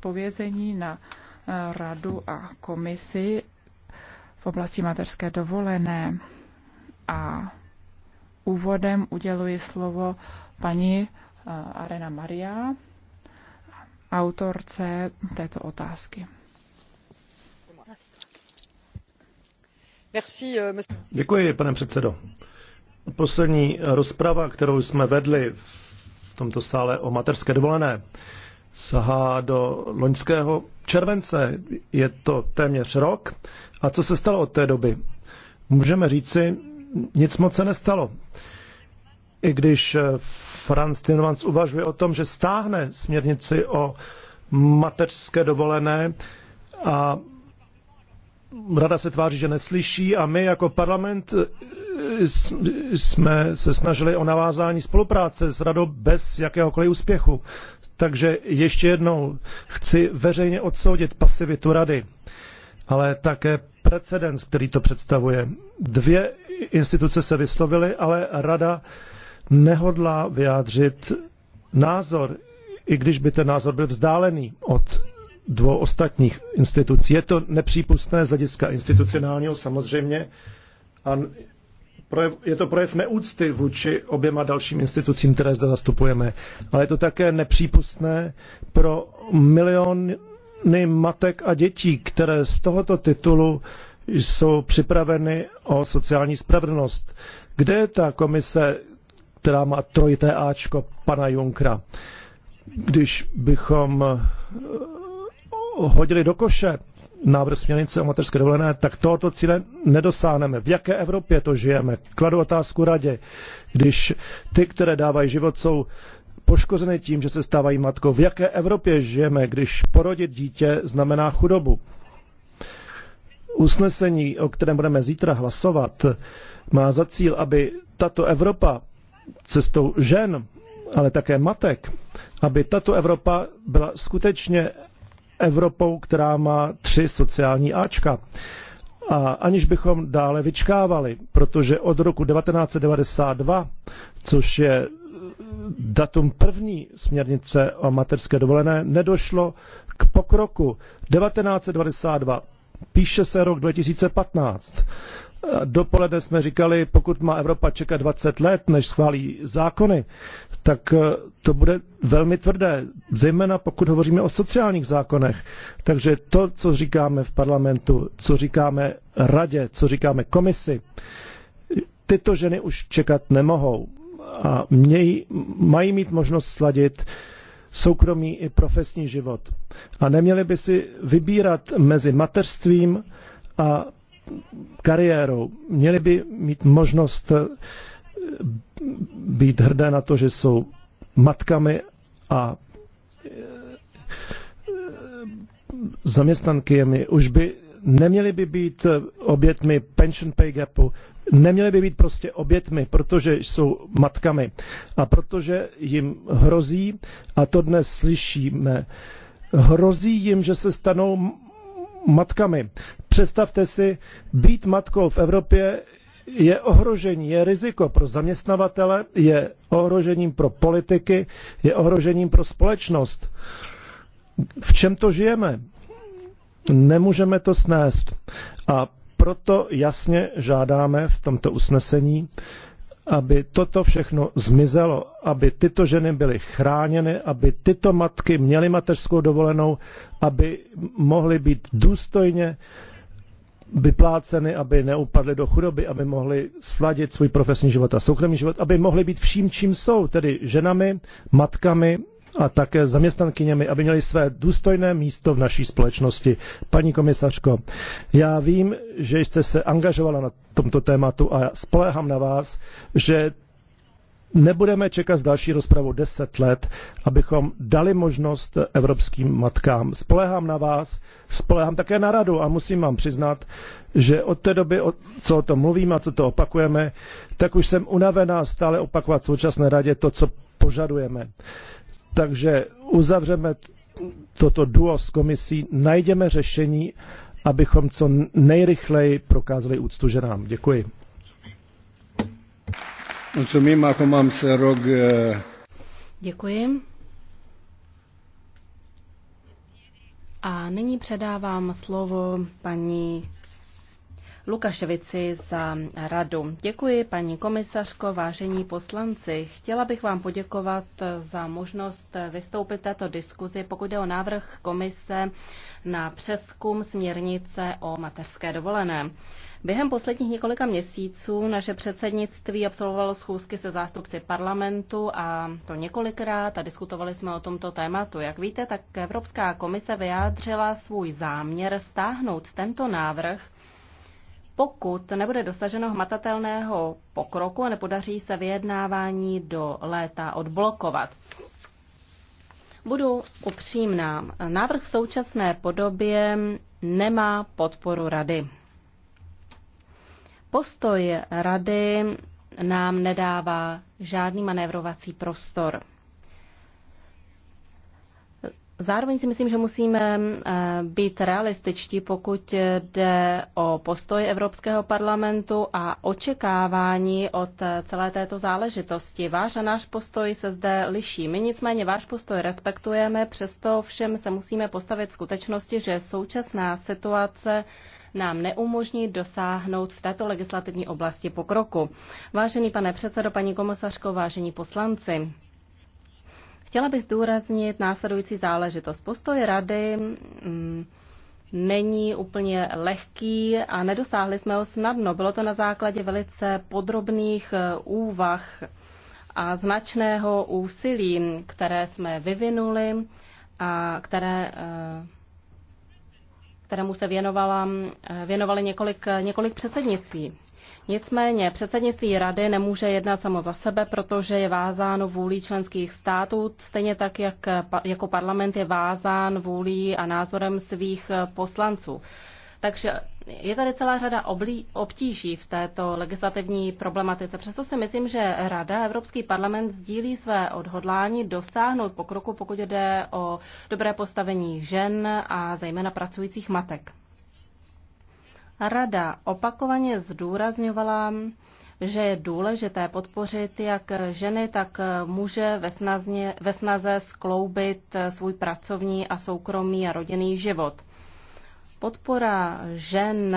povězení na eh, radu a komisi v oblasti mateřské dovolené. A úvodem uděluji slovo paní eh, Arena Maria, autorce této otázky. Eh, Děkuji, pane předsedo. Poslední rozprava, kterou jsme vedli v tomto sále o materské dovolené, sahá do loňského července. Je to téměř rok. A co se stalo od té doby? Můžeme říci, nic moc se nestalo. I když eh, Franz Timmermans uvažuje o tom, že stáhne směrnici o mateřské dovolené a rada se tváří, že neslyší a my jako parlament eh, jsme se snažili o navázání spolupráce s radou bez jakéhokoliv úspěchu. Takže ještě jednou chci veřejně odsoudit pasivitu rady, ale také precedens, který to představuje. Dvě instituce se vyslovily, ale rada nehodlá vyjádřit názor, i když by ten názor byl vzdálený od dvou ostatních institucí. Je to nepřípustné z hlediska institucionálního samozřejmě a projev, je to projev neúcty vůči oběma dalším institucím, které zde zastupujeme, ale je to také nepřípustné pro miliony matek a dětí, které z tohoto titulu jsou připraveny o sociální spravedlnost. Kde je ta komise, která má trojité Ačko pana Junkra? Když bychom hodili do koše návrh směrnice o mateřské dovolené, tak tohoto cíle nedosáhneme. V jaké Evropě to žijeme? Kladu otázku radě, když ty, které dávají život, jsou poškozeny tím, že se stávají matkou. V jaké Evropě žijeme, když porodit dítě znamená chudobu? Usnesení, o kterém budeme zítra hlasovat, má za cíl, aby tato Evropa cestou žen, ale také matek, aby tato Evropa byla skutečně Evropou, která má tři sociální Ačka. A aniž bychom dále vyčkávali, protože od roku 1992, což je eh, datum první směrnice o materské dovolené, nedošlo k pokroku. 1992, píše se rok 2015. Dopoledne jsme říkali, pokud má Evropa čekat 20 let, než schválí zákony, tak eh, to bude velmi tvrdé, zejména pokud hovoříme o sociálních zákonech. Takže to, co říkáme v parlamentu, co říkáme radě, co říkáme komisi, tyto ženy už čekat nemohou a měj, mají mít možnost sladit soukromý i profesní život. A neměli by si vybírat mezi mateřstvím a kariérou. Měli by mít možnost být hrdé na to, že jsou matkami a e, e, zaměstnankyjemi. Už by neměly by být obětmi pension pay gapu, neměly by být prostě obětmi, protože jsou matkami a protože jim hrozí, a to dnes slyšíme, hrozí jim, že se stanou matkami. Představte si, být matkou v Evropě je ohrožení, je riziko pro zaměstnavatele, je ohrožením pro politiky, je ohrožením pro společnost. V čem to žijeme? Nemůžeme to snést. A proto jasně žádáme v tomto usnesení, aby toto všechno zmizelo, aby tyto ženy byly chráněny, aby tyto matky měly mateřskou dovolenou, aby mohly být důstojně uh, vypláceny, aby neupadly do chudoby, aby mohly sladit svůj profesní život a soukromý život, aby mohly být vším, čím jsou, tedy ženami, matkami a také zaměstnankyněmi, aby měli své důstojné místo v naší společnosti. Paní komisařko, já vím, že jste se angažovala na tomto tématu a spolehám na vás, že nebudeme čekat s další rozpravou 10 let, abychom dali možnost evropským matkám. Spolehám na vás, spolehám také na radu a musím vám přiznat, že od té doby, co o tom mluvím a co to opakujeme, tak už jsem unavená stále opakovat současné radě to, co požadujeme. Takže uzavřeme toto duo s komisí, najdeme řešení, abychom co nejrychleji prokázali úctu ženám. Děkuji. Mulțumim, acum am să rog... Uh, Děkuji. A nyní předávám slovo paní Lukaševici za radu. Děkuji, paní komisařko, vážení poslanci. Chtěla bych vám poděkovat za možnost vystoupit této diskuzi, pokud jde o návrh komise na přeskum směrnice o mateřské dovolené. Během posledních několika měsíců naše předsednictví absolvovalo schůzky se zástupci parlamentu a to několikrát a diskutovali jsme o tomto tématu. Jak víte, tak Evropská komise vyjádřila svůj záměr stáhnout tento návrh pokud nebude dosaženo hmatatelného pokroku a nepodaří se vyjednávání do léta odblokovat. Budu upřímná. Návrh v současné podobě nemá podporu rady. Postoj rady nám nedává žádný manévrovací prostor. Zároveň si myslím, že musíme eh, být realističtí, pokud jde o postoj Evropského parlamentu a očekávání od celé této záležitosti. Váš a náš postoj se zde liší. My nicméně váš postoj respektujeme, přesto všem se musíme postavit skutečnosti, že současná situace nám neumožní dosáhnout v této legislativní oblasti pokroku. Vážený pane předsedo, paní komisařko, vážení poslanci, Chtěla bych zdůraznit následující záležitost. Postoj rady mm, není úplně lehký a nedosáhli jsme ho snadno. Bylo to na základě velice podrobných eh, úvah a značného úsilí, které jsme vyvinuli a které eh, kterému se věnovala, eh, věnovali několik, eh, několik předsednictví. Nicméně předsednictví rady nemůže jednat samo za sebe, protože je vázáno vůlí členských států, stejně tak, jak, eh, jako parlament je vázán vůlí a názorem svých poslanců. Takže je tady celá řada oblí, obtíží v této legislativní problematice. Přesto si myslím, že Rada, Evropský parlament sdílí své odhodlání dosáhnout pokroku, pokud jde o dobré postavení žen a zejména pracujících matek. Rada opakovaně zdůrazňovala, že je důležité podpořit jak ženy, tak muže ve, snazně, ve snaze skloubit svůj pracovní a soukromý a rodinný život. Podpora žen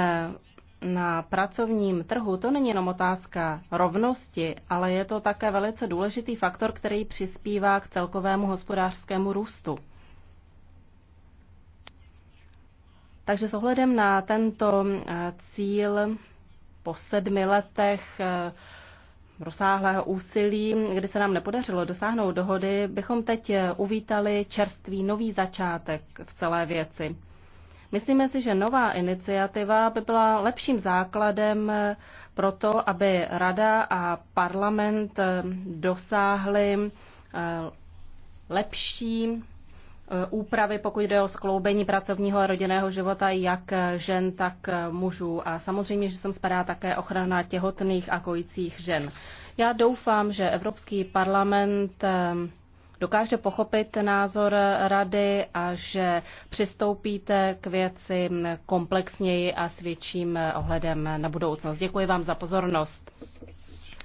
na pracovním trhu, to není jenom otázka rovnosti, ale je to také velice důležitý faktor, který přispívá k celkovému hospodářskému růstu. Takže s ohledem na tento eh, cíl po sedmi letech eh, rozsáhlého úsilí, kdy se nám nepodařilo dosáhnout dohody, bychom teď eh, uvítali čerstvý nový začátek v celé věci. Myslíme si, že nová iniciativa by byla lepším základem eh, pro to, aby Rada a parlament eh, dosáhly eh, lepší úpravy, pokud jde o skloubení pracovního a rodinného života jak žen, tak mužů. A samozřejmě, že sem spadá také ochrana těhotných a kojících žen. Já doufám, že Evropský parlament dokáže pochopit názor rady a že přistoupíte k věci komplexněji a s větším ohledem na budoucnost. Děkuji vám za pozornost.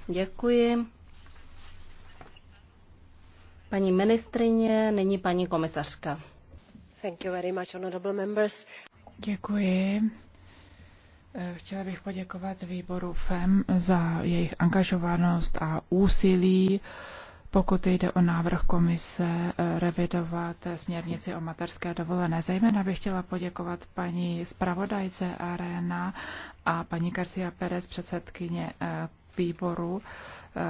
Děkuji. Paní ministrině, nyní paní komisařka. Thank you very much, honorable members. Děkuji. Chtěla bych poděkovat výboru FEM za jejich angažovanost a úsilí pokud jde o návrh komise eh, revidovat směrnici o materské dovolené. Zejména bych chtěla poděkovat paní zpravodajce Arena a paní Garcia Perez, předsedkyně eh, výboru, eh,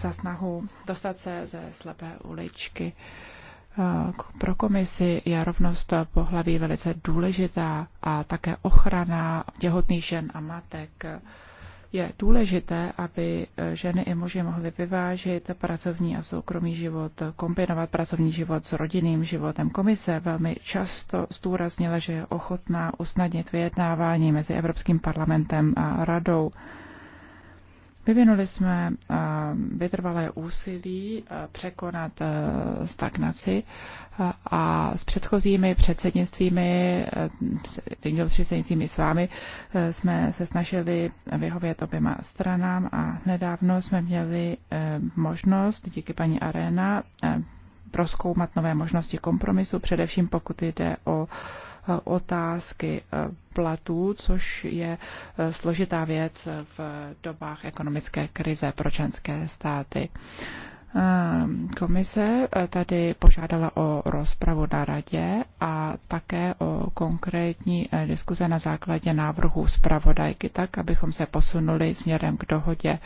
za snahu dostat se ze slepé uličky. Pro komisi je rovnost pohlaví velice důležitá a také ochrana těhotných žen a matek. Je důležité, aby eh, ženy i muži mohli vyvážit pracovní a soukromý život, kombinovat pracovní život s rodinným životem. Komise velmi často zdůraznila, že je ochotná usnadnit vyjednávání mezi Evropským parlamentem a radou. Vyvinuli jsme eh, vytrvalé úsilí eh, překonat eh, stagnaci a s předchozími předsednictvími, s předsednictvími s vámi, jsme se snažili vyhovět oběma stranám a nedávno jsme měli možnost díky paní Arena proskoumat nové možnosti kompromisu, především pokud jde o otázky eh, platů, což je eh, složitá věc v dobách ekonomické krize pro členské státy. Eh, komise tady požádala o rozpravu na radě a také o konkrétní diskuze na základě návrhu zpravodajky, tak abychom se posunuli směrem k dohodě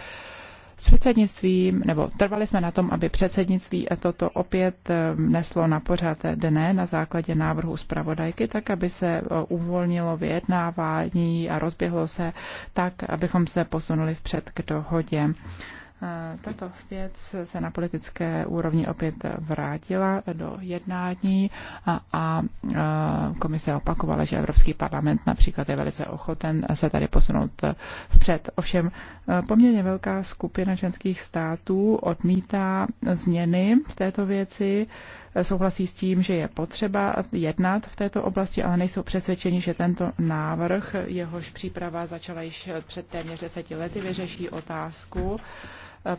s předsednictvím, nebo trvali jsme na tom, aby předsednictví a toto opět neslo na pořád dne na základě návrhu zpravodajky, tak aby se e, uvolnilo vyjednávání a rozběhlo se tak, abychom se posunuli vpřed k dohodě. Eh, tato věc se na politické úrovni opět vrátila do jednání a, a eh, komise opakovala, že Evropský parlament například je velice ochoten se tady posunout eh, vpřed. Ovšem poměrně velká skupina členských států odmítá změny v této věci, souhlasí s tím, že je potřeba jednat v této oblasti, ale nejsou přesvědčeni, že tento návrh, jehož příprava začala již před téměř deseti lety, vyřeší otázku,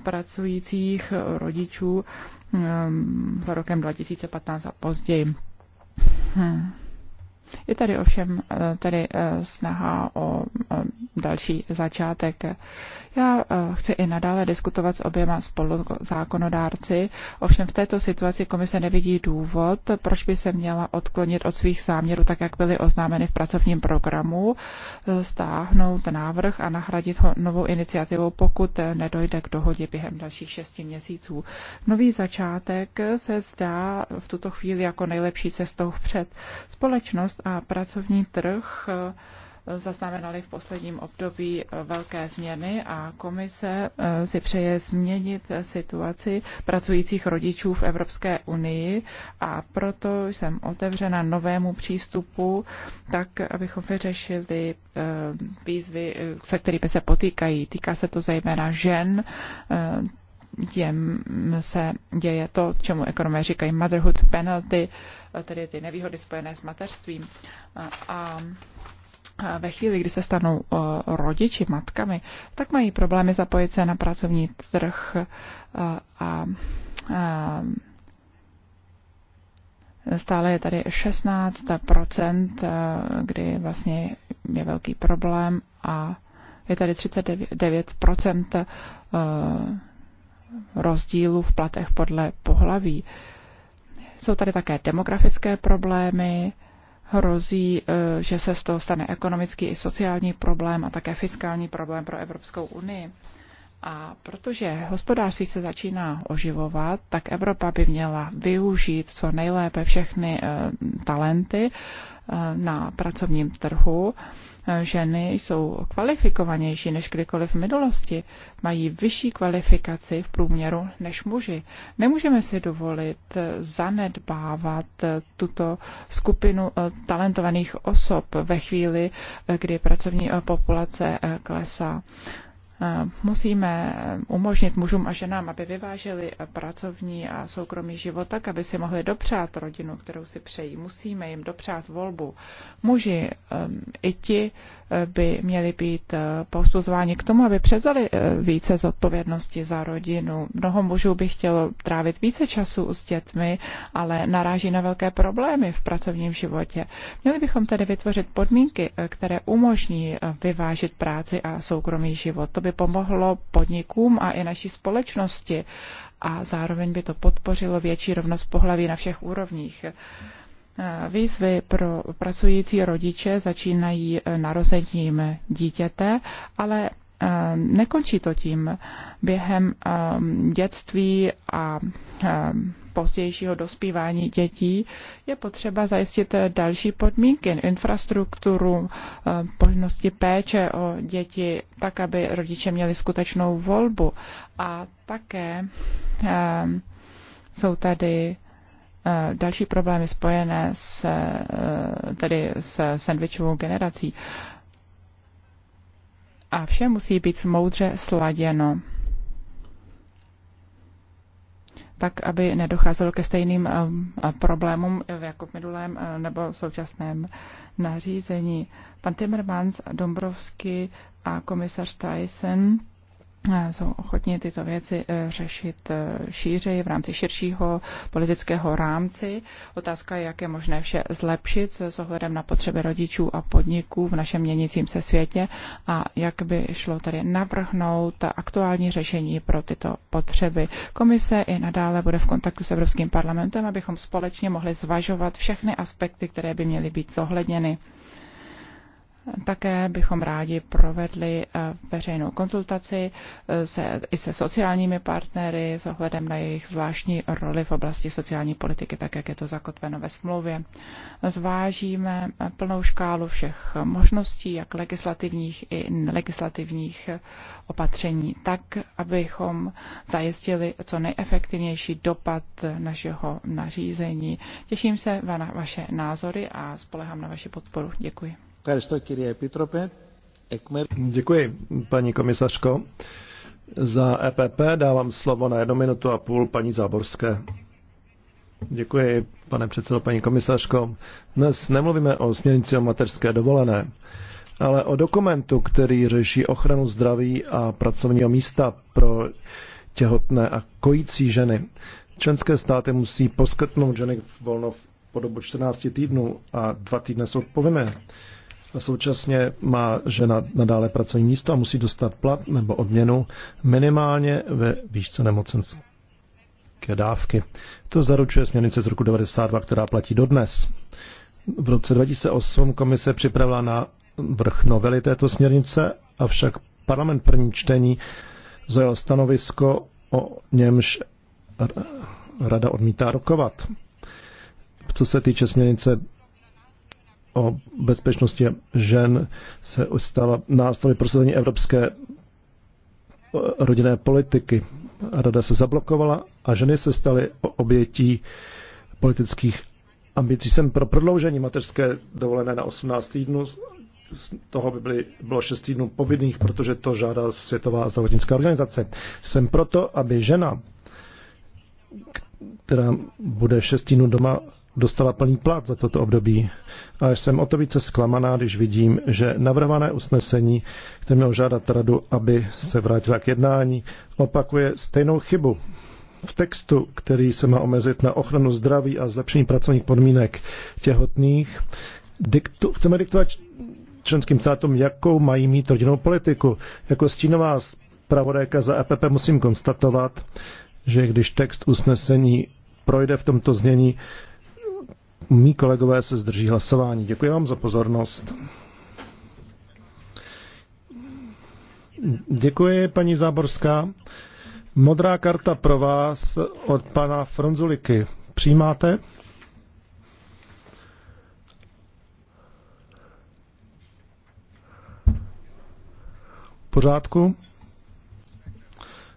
pracujících rodičů um, za rokem 2015 a později. Hmm. Je tady ovšem eh, tady eh, snaha o eh, další začátek. Já chci i nadále diskutovat s oběma spoluzákonodárci, ovšem v této situaci komise nevidí důvod, proč by se měla odklonit od svých záměrů, tak jak byly oznámeny v pracovním programu, stáhnout návrh a nahradit ho novou iniciativou, pokud nedojde k dohodě během dalších šesti měsíců. Nový začátek se zdá v tuto chvíli jako nejlepší cestou vpřed. Společnost a pracovní trh eh, zaznamenaly v posledním období eh, velké změny a komise eh, si přeje změnit situaci pracujících rodičů v Evropské unii a proto jsem otevřena novému přístupu, tak abychom vyřešili výzvy, se kterými se potýkají. Týká se to zejména žen, těm se děje to, čemu ekonomé říkají motherhood penalty, tedy ty nevýhody spojené s mateřstvím. A ve chvíli, kdy se stanou rodiči matkami, tak mají problémy zapojit se na pracovní trh a stále je tady 16 kdy vlastně je velký problém a je tady 39 rozdílu v platech podle pohlaví. Jsou tady také demografické problémy, hrozí, eh, že se z toho stane ekonomický i sociální problém a také fiskální problém pro Evropskou unii. A protože hospodářství se začíná oživovat, tak Evropa by měla využít co nejlépe všechny eh, talenty eh, na pracovním trhu. Eh, ženy jsou kvalifikovanější než kdykoliv v minulosti, mají vyšší kvalifikaci v průměru než muži. Nemůžeme si dovolit zanedbávat tuto skupinu talentovaných osob ve chvíli, kdy pracovní populace klesá musíme umožnit mužům a ženám, aby vyvážili pracovní a soukromý život tak, aby si mohli dopřát rodinu, kterou si přejí. Musíme jim dopřát volbu. Muži i ti eh, by měli být eh, posuzováni k tomu, aby přezali eh, více zodpovědnosti za rodinu. Mnoho mužů by chtělo trávit více času s dětmi, ale naráží na velké problémy v pracovním životě. Měli bychom tedy vytvořit podmínky, které umožní vyvážit práci a soukromý život. To by by pomohlo podnikům a i naší společnosti a zároveň by to podpořilo větší rovnost pohlaví na všech úrovních. Výzvy pro pracující rodiče začínají eh, narozením dítěte, ale eh, nekončí to tím. Během eh, dětství a pozdějšího dospívání dětí, je potřeba zajistit další podmínky, infrastrukturu, možnosti eh, péče o děti, tak, aby rodiče měli skutečnou volbu. A také eh, jsou tady eh, další problémy spojené s, tedy s sandvičovou generací. A vše musí být moudře sladěno tak aby nedocházelo ke stejným eh, eh, problémům jako v minulém eh, nebo v současném nařízení. Pan Timmermans, Dombrovsky a komisař Tyson Eh, jsou ochotni tyto věci eh, řešit eh, šířeji v rámci širšího politického rámci. Otázka je, jak je možné vše zlepšit s ohledem na potřeby rodičů a podniků v našem měnícím se světě a jak by šlo tady navrhnout aktuální řešení pro tyto potřeby. Komise i nadále bude v kontaktu s Evropským parlamentem, abychom společně mohli zvažovat všechny aspekty, které by měly být zohledněny. Také bychom rádi provedli eh, veřejnou konzultaci eh, se, i se sociálními partnery s ohledem na jejich zvláštní roli v oblasti sociální politiky, tak jak je to zakotveno ve smlouvě. Zvážíme eh, plnou škálu všech možností, jak legislativních i nelegislativních opatření, tak, abychom zajistili co nejefektivnější dopad našeho nařízení. Těším se na vaše názory a spolehám na vaši podporu. Děkuji. Děkuji, paní komisařko. Za EPP dávám slovo na jednu minutu a půl paní Záborské. Děkuji, pane předsedo, paní komisařko. Dnes nemluvíme o směrnici o mateřské dovolené, ale o dokumentu, který řeší ochranu zdraví a pracovního místa pro těhotné a kojící ženy. Členské státy musí poskytnout ženy volno po dobu 14 týdnů a dva týdny jsou povinné a současně má žena nadále pracovní místo a musí dostat plat nebo odměnu minimálně ve výšce nemocenské dávky. To zaručuje směrnice z roku 92, která platí dodnes. V roce 2008 komise připravila na vrch novely této směrnice, avšak parlament první čtení zajal stanovisko, o němž rada odmítá rokovat. Co se týče směrnice o bezpečnosti žen se stala nástroj prosazení evropské eh, rodinné politiky. Rada se zablokovala a ženy se staly obětí politických ambicí. Jsem pro prodloužení mateřské dovolené na 18 týdnů. Z toho by byly, bylo 6 týdnů povinných, protože to žádá Světová zdravotnická organizace. Jsem proto, aby žena, která bude 6 týdnů doma dostala plný plat za toto období. A jsem o to více zklamaná, když vidím, že navrhované usnesení, které mělo žádat radu, aby se vrátila k jednání, opakuje stejnou chybu. V textu, který se má omezit na ochranu zdraví a zlepšení pracovních podmínek těhotných, diktu, chceme diktovat členským státům, jakou mají mít rodinnou politiku. Jako stínová zpravodajka za EPP musím konstatovat, že když text usnesení projde v tomto znění, Mí kolegové se zdrží hlasování. Děkuji vám za pozornost. Děkuji, paní Záborská. Modrá karta pro vás od pana Fronzuliky. Přijímáte? V pořádku?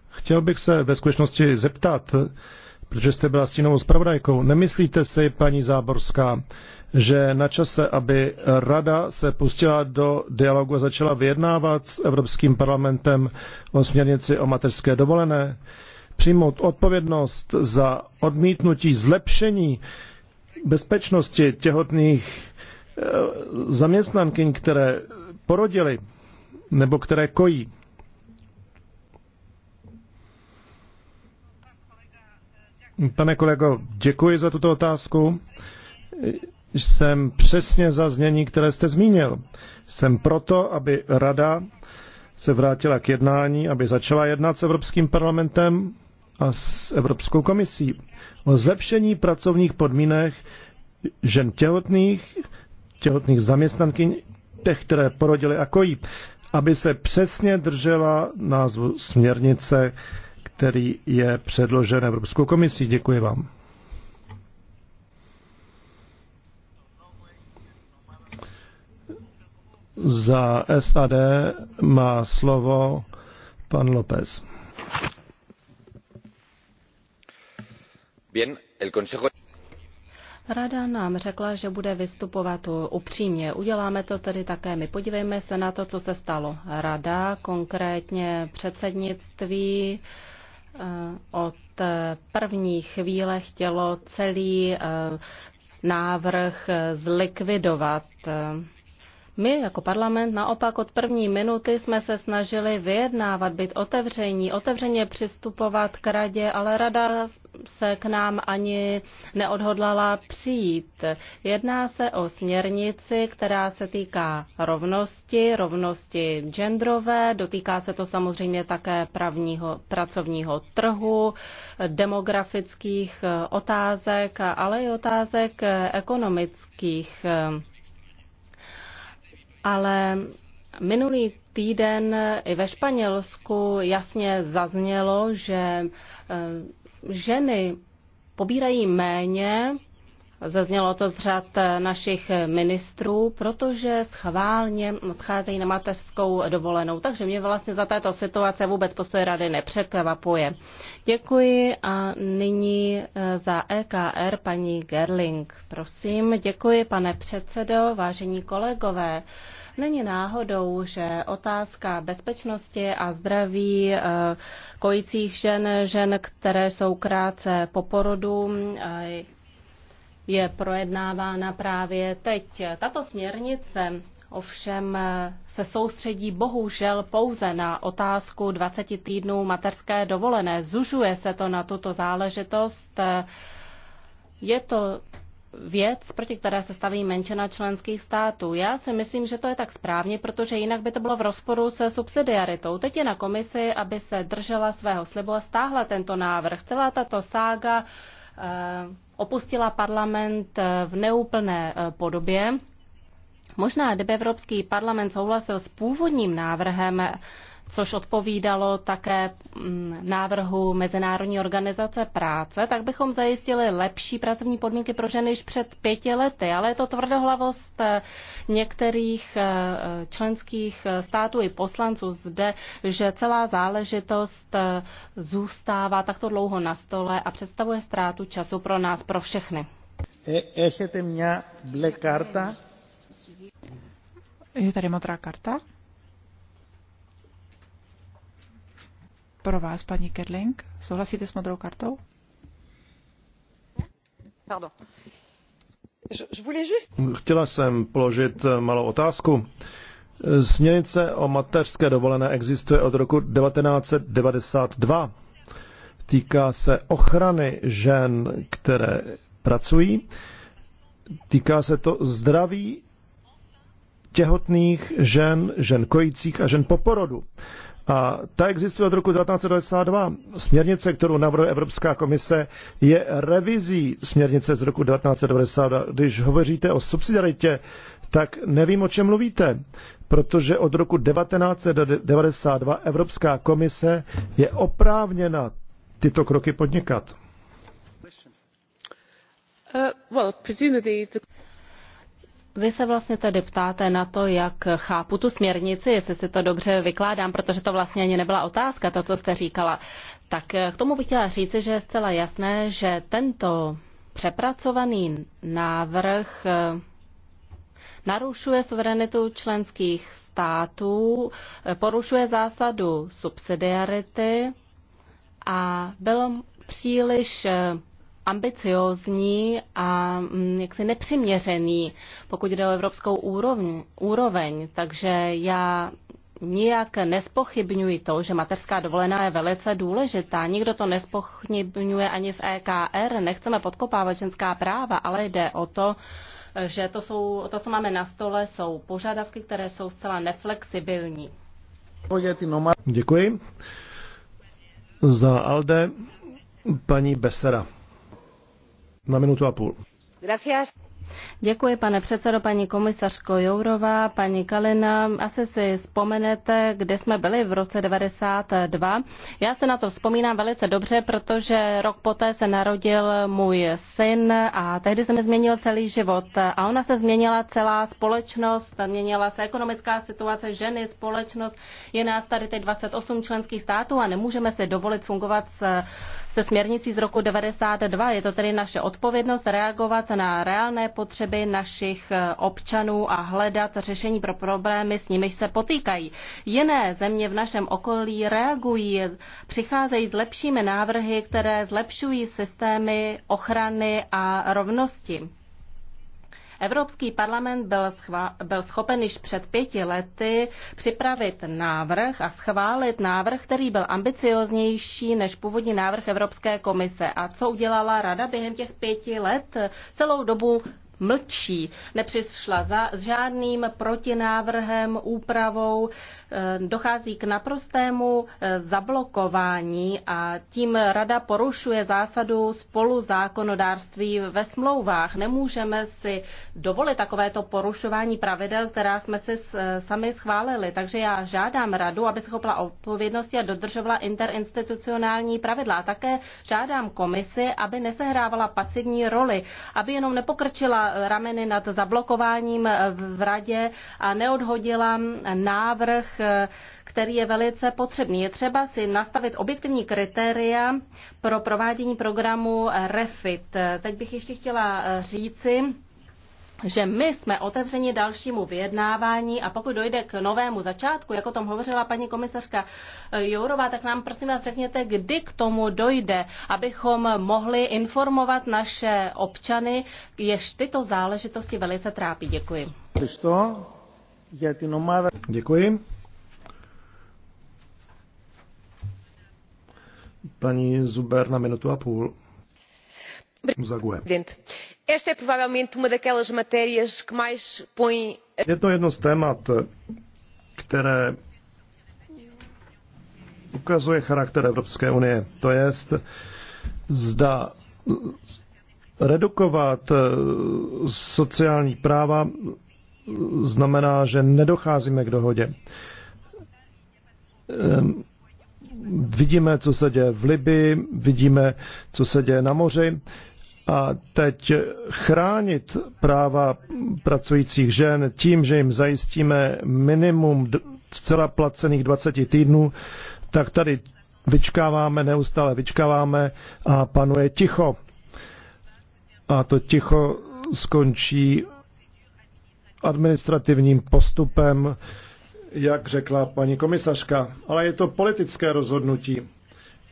Chtěl bych se ve skutečnosti zeptat, protože jste byla stínovou zpravodajkou. Nemyslíte si, paní Záborská, že na čase, aby Rada se pustila do dialogu a začala vyjednávat s Evropským parlamentem o směrnici o mateřské dovolené, přijmout odpovědnost za odmítnutí zlepšení bezpečnosti těhotných eh, zaměstnankyň, které porodili nebo které kojí. Pane kolego, děkuji za tuto otázku. Jsem přesně za znění, které jste zmínil. Jsem proto, aby Rada se vrátila k jednání, aby začala jednat s Evropským parlamentem a s Evropskou komisí o zlepšení pracovních podmínek žen těhotných, těhotných zaměstnankyň, těch, které porodily a kojí, aby se přesně držela názvu směrnice který je předložen Evropskou komisí. Děkuji vám. Za SAD má slovo pan López. Bien, el Consejo Rada nám řekla, že bude vystupovat upřímně. Uděláme to tedy také my. Podívejme se na to, co se stalo. Rada, konkrétně předsednictví, Eh, od eh, první chvíle chtělo celý eh, návrh zlikvidovat. My jako parlament naopak od první minuty jsme se snažili vyjednávat, být otevření, otevřeně přistupovat k radě, ale rada se k nám ani neodhodlala přijít. Jedná se o směrnici, která se týká rovnosti, rovnosti genderové, dotýká se to samozřejmě také pravního, pracovního trhu, demografických otázek, ale i otázek ekonomických ale minulý týden i ve Španělsku jasně zaznělo, že eh, ženy pobírají méně Zaznělo to z řad eh, našich ministrů, protože schválně odcházejí na mateřskou dovolenou. Takže mě vlastně za této situace vůbec postoj rady nepřekvapuje. Děkuji a nyní eh, za EKR paní Gerling. Prosím, děkuji pane předsedo, vážení kolegové. Není náhodou, že otázka bezpečnosti a zdraví eh, kojících žen, žen, které jsou krátce po porodu, je projednávána právě teď. Tato směrnice ovšem se soustředí bohužel pouze na otázku 20 týdnů materské dovolené. Zužuje se to na tuto záležitost. Je to věc, proti které se staví menšina členských států. Já si myslím, že to je tak správně, protože jinak by to bylo v rozporu se subsidiaritou. Teď je na komisi, aby se držela svého slibu a stáhla tento návrh. Celá tato sága eh, opustila parlament eh, v neúplné eh, podobě. Možná, kdyby Evropský parlament souhlasil s původním návrhem což odpovídalo také mm, návrhu Mezinárodní organizace práce, tak bychom zajistili lepší pracovní podmínky pro ženy již před pěti lety. Ale je to tvrdohlavost eh, některých eh, členských států i poslanců zde, že celá záležitost eh, zůstává takto dlouho na stole a představuje ztrátu času pro nás, pro všechny. E, je tady modrá karta. pro vás, paní Kedling. Souhlasíte s modrou kartou? Pardon. Chtěla jsem položit eh, malou otázku. Eh, směrnice o mateřské dovolené existuje od roku 1992. Týká se ochrany žen, které pracují. Týká se to zdraví těhotných žen, žen kojících a žen po porodu. A ta existuje od roku 1992. Směrnice, kterou navrhuje Evropská komise, je revizí směrnice z roku 1992. Když hovoříte o subsidiaritě, tak nevím, o čem mluvíte, protože od roku 1992 Evropská komise je oprávněna tyto kroky podnikat. Uh, well, vy se vlastně tady ptáte na to, jak chápu tu směrnici, jestli si to dobře vykládám, protože to vlastně ani nebyla otázka, to, co jste říkala. Tak eh, k tomu bych chtěla říci, že je zcela jasné, že tento přepracovaný návrh eh, narušuje suverenitu členských států, eh, porušuje zásadu subsidiarity a byl příliš ambiciózní a mm, jaksi nepřiměřený, pokud jde o evropskou úroveň. úroveň. Takže já nijak nespochybňuji to, že mateřská dovolená je velice důležitá. Nikdo to nespochybňuje ani v EKR. Nechceme podkopávat ženská práva, ale jde o to, že to, jsou, to co máme na stole, jsou požadavky, které jsou zcela neflexibilní. Děkuji. Za Alde paní Besera na minutu a půl. Gracias. Děkuji, pane předsedo, paní komisařko Jourová, paní Kalina. Asi si vzpomenete, kde jsme byli v roce 92. Já se na to vzpomínám velice dobře, protože rok poté se narodil můj syn a tehdy se mi změnil celý život. A ona se změnila celá společnost, změnila se ekonomická situace ženy, společnost. Je nás tady teď 28 členských států a nemůžeme si dovolit fungovat s se směrnicí z roku 92. Je to tedy naše odpovědnost reagovat na reálné potřeby našich eh, občanů a hledat řešení pro problémy, s nimiž se potýkají. Jiné země v našem okolí reagují, přicházejí s lepšími návrhy, které zlepšují systémy ochrany a rovnosti. Evropský parlament byl, schvá- byl schopen již před pěti lety připravit návrh a schválit návrh, který byl ambicioznější než původní návrh Evropské komise. A co udělala Rada během těch pěti let? Celou dobu mlčí, nepřišla za, s žádným protinávrhem, úpravou. Eh, dochází k naprostému eh, zablokování a tím rada porušuje zásadu spoluzákonodárství ve smlouvách. Nemůžeme si dovolit takovéto porušování pravidel, která jsme si eh, sami schválili. Takže já žádám radu, aby se chopila odpovědnosti a dodržovala interinstitucionální pravidla. A také žádám komisi, aby nesehrávala pasivní roli, aby jenom nepokrčila rameny nad zablokováním v radě a neodhodila návrh který je velice potřebný. Je třeba si nastavit objektivní kritéria pro provádění programu REFIT. Teď bych ještě chtěla eh, říci, že my jsme otevřeni dalšímu vyjednávání a pokud dojde k novému začátku, jako o tom hovořila paní komisařka eh, Jourová, tak nám prosím vás řekněte, kdy k tomu dojde, abychom mohli informovat naše občany, jež tyto záležitosti velice trápí. Děkuji. Děkuji. Paní Zuber na minutu a půl. Je to jedno z témat, které ukazuje charakter Evropské unie. To jest, zda redukovat eh, sociální práva znamená, že nedocházíme k dohodě. Vidíme, co se děje v Libii, vidíme, co se děje na moři. A teď chránit práva pracujících žen tím, že jim zajistíme minimum zcela placených 20 týdnů, tak tady vyčkáváme, neustále vyčkáváme a panuje ticho. A to ticho skončí administrativním postupem, jak řekla paní komisařka, ale je to politické rozhodnutí.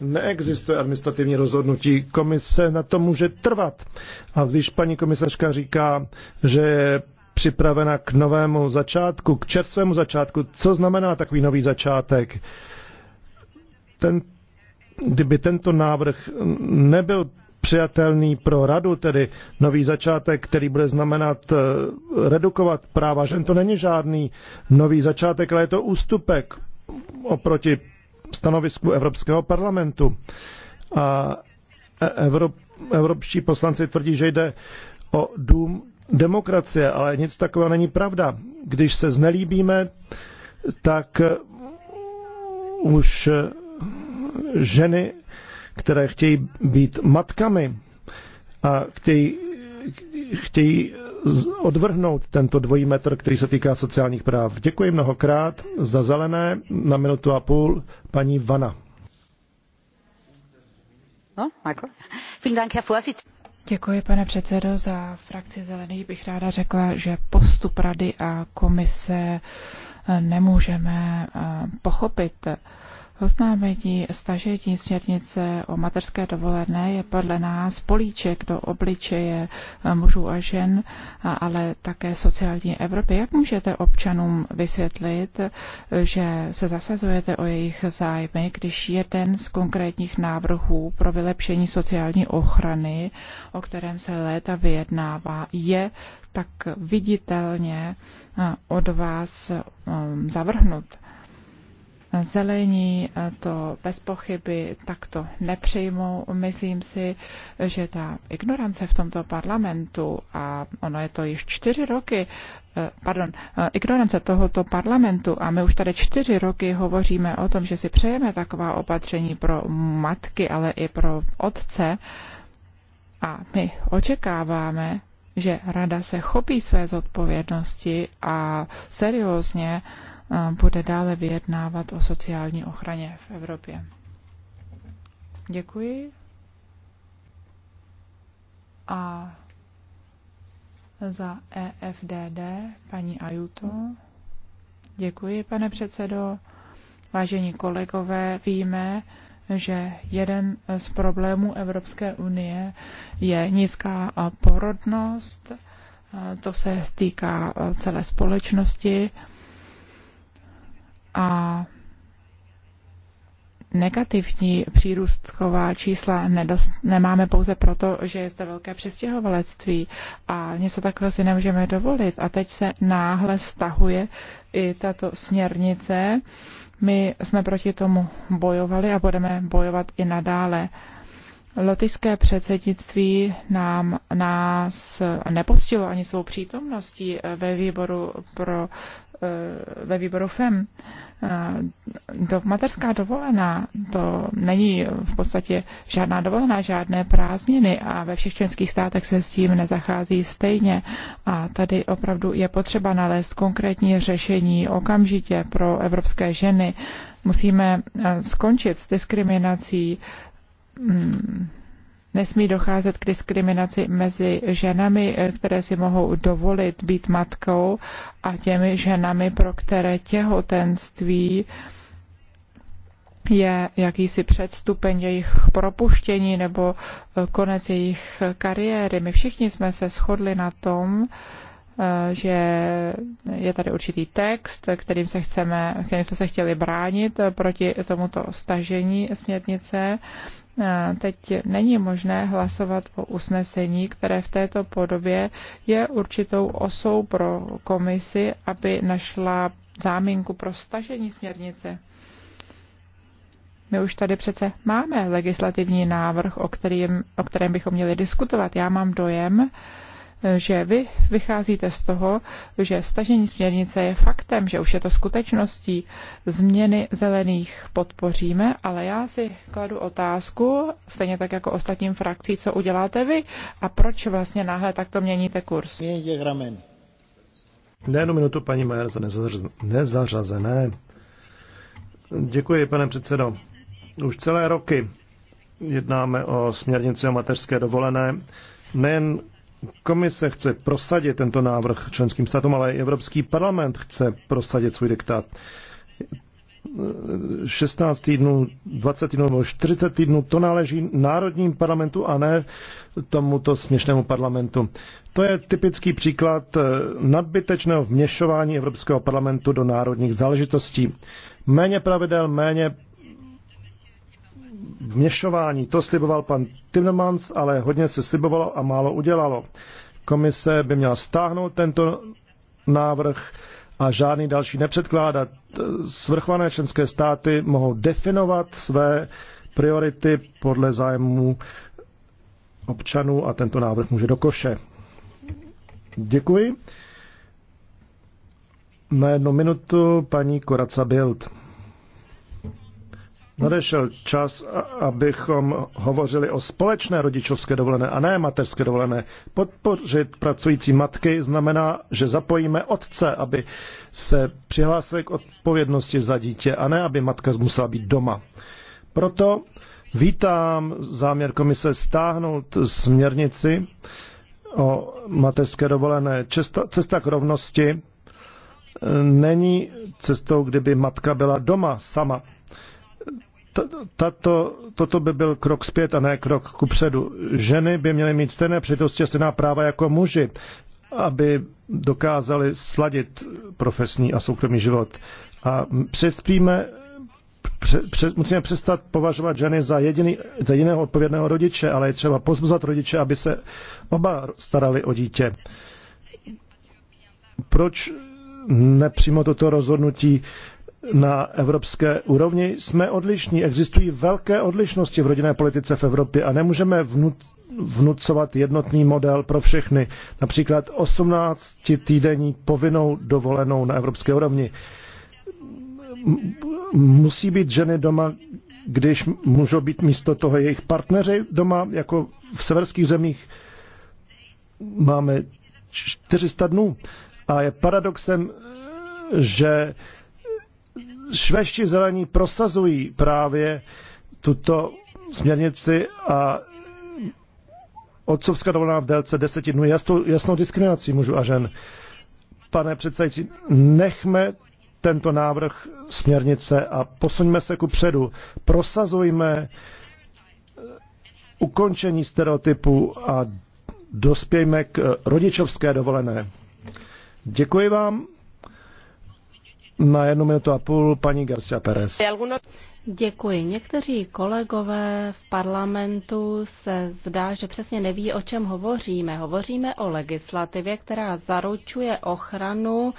Neexistuje administrativní rozhodnutí. Komise na to může trvat. A když paní komisařka říká, že je připravena k novému začátku, k čerstvému začátku, co znamená takový nový začátek? Ten, kdyby tento návrh nebyl přijatelný pro radu, tedy nový začátek, který bude znamenat eh, redukovat práva žen. To není žádný nový začátek, ale je to ústupek oproti stanovisku Evropského parlamentu. A Evrop, evropští poslanci tvrdí, že jde o dům demokracie, ale nic takového není pravda. Když se znelíbíme, tak už eh, ženy které chtějí být matkami a chtějí, chtějí odvrhnout tento dvojí metr, který se týká sociálních práv. Děkuji mnohokrát za zelené na minutu a půl paní Vana. No, Děkuji, pane předsedo. Za frakci zelených bych ráda řekla, že postup rady a komise eh, nemůžeme eh, pochopit. Oznámení stažení směrnice o materské dovolené je podle nás políček do obličeje mužů a žen, ale také sociální Evropy. Jak můžete občanům vysvětlit, že se zasazujete o jejich zájmy, když jeden z konkrétních návrhů pro vylepšení sociální ochrany, o kterém se léta vyjednává, je tak viditelně od vás um, zavrhnut? Zelení to bez pochyby takto nepřijmou. Myslím si, že ta ignorance v tomto parlamentu, a ono je to již čtyři roky, eh, pardon, eh, ignorance tohoto parlamentu a my už tady čtyři roky hovoříme o tom, že si přejeme taková opatření pro matky, ale i pro otce a my očekáváme, že rada se chopí své zodpovědnosti a seriózně uh, bude dále vyjednávat o sociální ochraně v Evropě. Děkuji. A za EFDD paní Ajuto. Děkuji, pane předsedo. Vážení kolegové, víme, že jeden z problémů Evropské unie je nízká porodnost. To se týká celé společnosti a negativní přírůstková čísla nedost, nemáme pouze proto, že je zde velké přestěhovalectví a něco takového si nemůžeme dovolit. A teď se náhle stahuje i tato směrnice. My jsme proti tomu bojovali a budeme bojovat i nadále. Lotyšské předsednictví nám, nás nepoctilo ani svou přítomností ve výboru pro Eh, ve výboru FEM. Eh, do, materská dovolená to není v podstatě žádná dovolená, žádné prázdniny a ve všech členských státech se s tím nezachází stejně. A tady opravdu je potřeba nalézt konkrétní řešení okamžitě pro evropské ženy. Musíme eh, skončit s diskriminací mm, Nesmí docházet k diskriminaci mezi ženami, eh, které si mohou dovolit být matkou, a těmi ženami, pro které těhotenství je jakýsi předstupeň jejich propuštění nebo eh, konec jejich kariéry. My všichni jsme se shodli na tom, eh, že je tady určitý text, kterým se chceme, kterým jsme se chtěli bránit proti tomuto stažení směrnice teď není možné hlasovat o usnesení, které v této podobě je určitou osou pro komisi, aby našla záminku pro stažení směrnice. My už tady přece máme legislativní návrh, o kterém, o kterém bychom měli diskutovat. Já mám dojem, že vy vycházíte z toho, že stažení směrnice je faktem, že už je to skutečností. Změny zelených podpoříme, ale já si kladu otázku, stejně tak jako ostatním frakcí, co uděláte vy a proč vlastně náhle takto měníte kurz. Na jednu minutu paní Majer za nezařazené. Děkuji, pane předsedo. Už celé roky jednáme o směrnici o mateřské dovolené, nejen Komise chce prosadit tento návrh členským státům, ale i Evropský parlament chce prosadit svůj diktát. 16 týdnů, 20 týdnů nebo 40 týdnů, to náleží národním parlamentu a ne tomuto směšnému parlamentu. To je typický příklad nadbytečného vměšování Evropského parlamentu do národních záležitostí. Méně pravidel, méně vměšování. To sliboval pan Timmermans, ale hodně se slibovalo a málo udělalo. Komise by měla stáhnout tento návrh a žádný další nepředkládat. Svrchované členské státy mohou definovat své priority podle zájmů občanů a tento návrh může do koše. Děkuji. Na jednu minutu paní Koraca Bild nadešel čas, abychom hovořili o společné rodičovské dovolené a ne mateřské dovolené. Podpořit pracující matky znamená, že zapojíme otce, aby se přihlásili k odpovědnosti za dítě a ne, aby matka musela být doma. Proto vítám záměr komise stáhnout směrnici o mateřské dovolené. Cesta, cesta k rovnosti e, není cestou, kdyby matka byla doma sama tato, toto by byl krok zpět a ne krok ku předu. Ženy by měly mít stejné přitosti a stejná práva jako muži, aby dokázali sladit profesní a soukromý život. A přespíme, pře, pře, musíme přestat považovat ženy za, jediný, za jediného odpovědného rodiče, ale je třeba pozbuzovat rodiče, aby se oba starali o dítě. Proč nepřímo toto rozhodnutí na evropské úrovni jsme odlišní. Existují velké odlišnosti v rodinné politice v Evropě a nemůžeme vnut, vnucovat jednotný model pro všechny. Například 18 týdenní povinnou dovolenou na evropské úrovni. Musí být ženy doma, když můžou být místo toho jejich partneři doma, jako v severských zemích máme 400 dnů. A je paradoxem, že Švešti zelení prosazují právě tuto směrnici a otcovská dovolená v délce deseti dnů jasnou, jasnou diskriminací mužů a žen. Pane předsedající, nechme tento návrh směrnice a posuňme se ku předu. Prosazujme ukončení stereotypů a dospějme k rodičovské dovolené. Děkuji vám. Na jednu minutu a půl paní Garcia Perez. Děkuji. Někteří kolegové v parlamentu se zdá, že přesně neví, o čem hovoříme. Hovoříme o legislativě, která zaručuje ochranu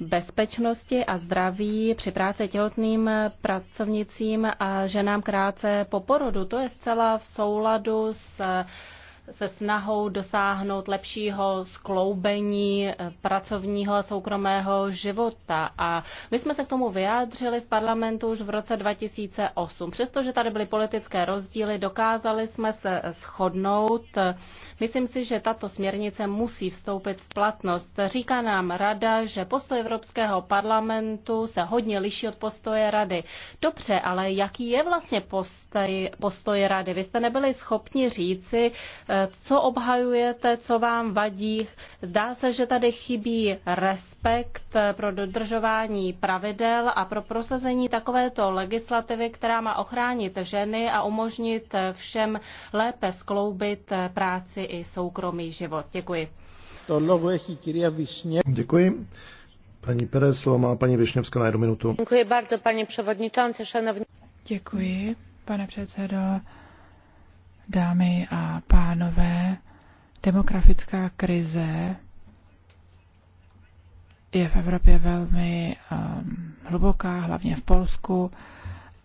bezpečnosti a zdraví při práci těhotným pracovnicím a ženám krátce po porodu. To je zcela v souladu s se snahou dosáhnout lepšího skloubení eh, pracovního a soukromého života. A my jsme se k tomu vyjádřili v parlamentu už v roce 2008. Přestože tady byly politické rozdíly, dokázali jsme se shodnout. Myslím si, že tato směrnice musí vstoupit v platnost. Říká nám Rada, že postoj Evropského parlamentu se hodně liší od postoje Rady. Dobře, ale jaký je vlastně postoj, postoj Rady? Vy jste nebyli schopni říci, co obhajujete, co vám vadí. Zdá se, že tady chybí respekt pro dodržování pravidel a pro prosazení takovéto legislativy, která má ochránit ženy a umožnit všem lépe skloubit práci i soukromý život. Děkuji. To Děkuji. Paní Perez, slovo má paní Višněvská na jednu minutu. Děkuji bardzo, paní předsedající, šanovní. Děkuji, pane předsedo. Dámy a pánové, demografická krize je v Evropě velmi um, hluboká, hlavně v Polsku,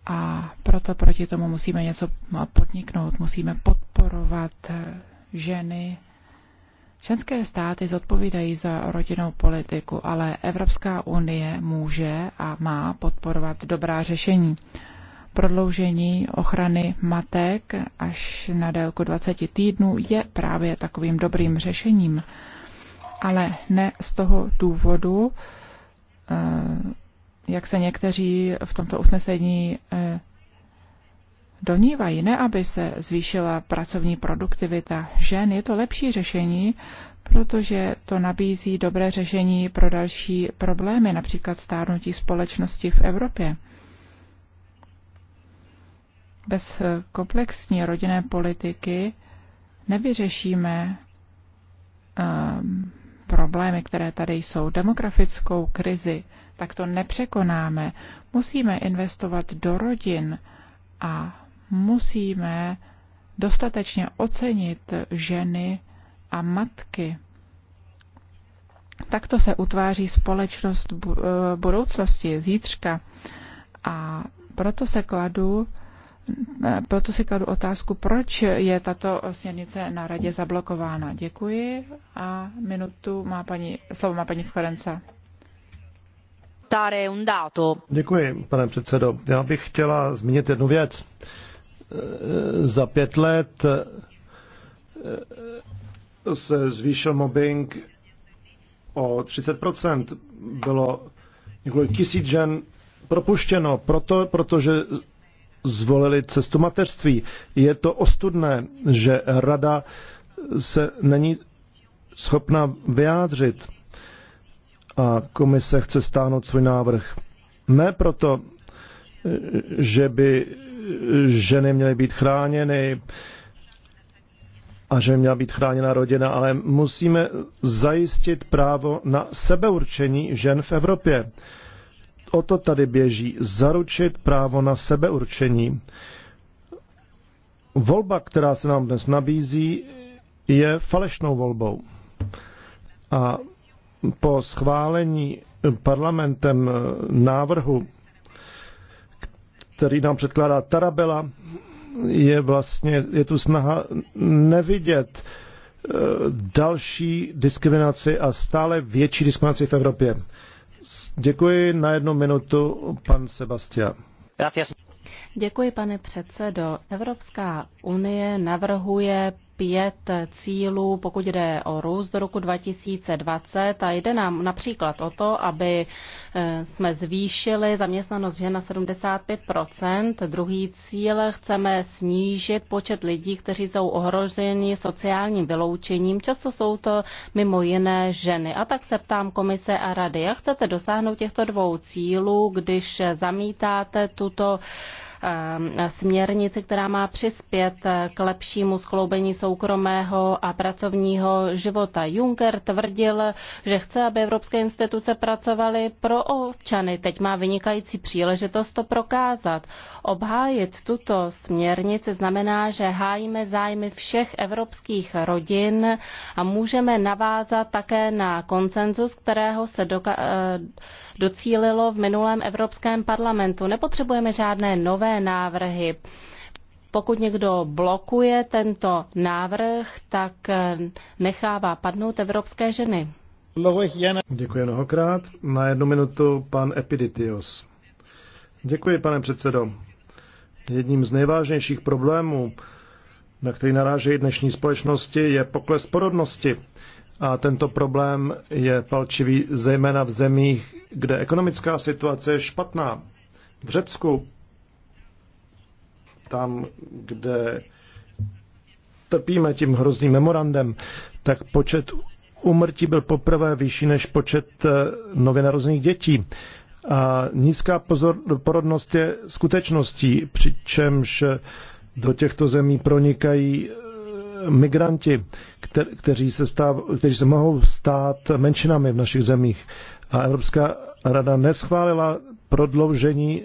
a proto proti tomu musíme něco podniknout. Musíme podporovat eh, ženy. Ženské státy zodpovídají za rodinnou politiku, ale Evropská unie může a má podporovat dobrá řešení prodloužení ochrany matek až na délku 20 týdnů je právě takovým dobrým řešením. Ale ne z toho důvodu, eh, jak se někteří v tomto usnesení eh, donívají, ne aby se zvýšila pracovní produktivita žen, je to lepší řešení, protože to nabízí dobré řešení pro další problémy, například stárnutí společnosti v Evropě. Bez eh, komplexní rodinné politiky nevyřešíme um, problémy, které tady jsou, demografickou krizi, tak to nepřekonáme. Musíme investovat do rodin a musíme dostatečně ocenit ženy a matky. Takto se utváří společnost eh, budoucnosti, zítřka. A proto se kladu Eh, proto si kladu otázku, proč je tato směrnice na radě zablokována. Děkuji a minutu má paní, slovo má paní Florence. Děkuji, pane předsedo. Já bych chtěla zmínit jednu věc. Eh, za pět let eh, se zvýšil mobbing o 30%. Bylo několik tisíc žen propuštěno, proto, protože zvolili cestu mateřství. Je to ostudné, že rada se není schopna vyjádřit a komise chce stáhnout svůj návrh. Ne proto, že by ženy měly být chráněny a že měla být chráněna rodina, ale musíme zajistit právo na sebeurčení žen v Evropě o to tady běží. Zaručit právo na sebeurčení. Volba, která se nám dnes nabízí, je falešnou volbou. A po schválení parlamentem návrhu, který nám předkládá Tarabela, je vlastně, je tu snaha nevidět eh, další diskriminaci a stále větší diskriminaci v Evropě. Děkuji na jednu minutu, pan Sebastian. Děkuji, pane předsedo. Evropská unie navrhuje pět cílů, pokud jde o růst do roku 2020 a jde nám například o to, aby eh, jsme zvýšili zaměstnanost žen na 75 Druhý cíl chceme snížit počet lidí, kteří jsou ohroženi sociálním vyloučením. Často jsou to mimo jiné ženy. A tak se ptám komise a rady, jak chcete dosáhnout těchto dvou cílů, když zamítáte tuto Eh, směrnici, která má přispět k lepšímu skloubení soukromého a pracovního života. Juncker tvrdil, že chce, aby evropské instituce pracovaly pro občany. Teď má vynikající příležitost to prokázat. Obhájit tuto směrnici znamená, že hájíme zájmy všech evropských rodin a můžeme navázat také na koncenzus, kterého se doka- eh, docílilo v minulém Evropském parlamentu. Nepotřebujeme žádné nové návrhy. Pokud někdo blokuje tento návrh, tak eh, nechává padnout evropské ženy. Děkuji mnohokrát. Na jednu minutu pan Epiditios. Děkuji, pane předsedo. Jedním z nejvážnějších problémů, na který narážejí dnešní společnosti, je pokles porodnosti. A tento problém je palčivý zejména v zemích, kde ekonomická situace je špatná. V Řecku, tam, kde trpíme tím hrozným memorandem, tak počet umrtí byl poprvé vyšší než počet eh, nově narozených dětí. A nízká pozor, porodnost je skutečností, přičemž do těchto zemí pronikají migranti, kter, kteří, se stav, kteří se mohou stát menšinami v našich zemích. A Evropská rada neschválila prodloužení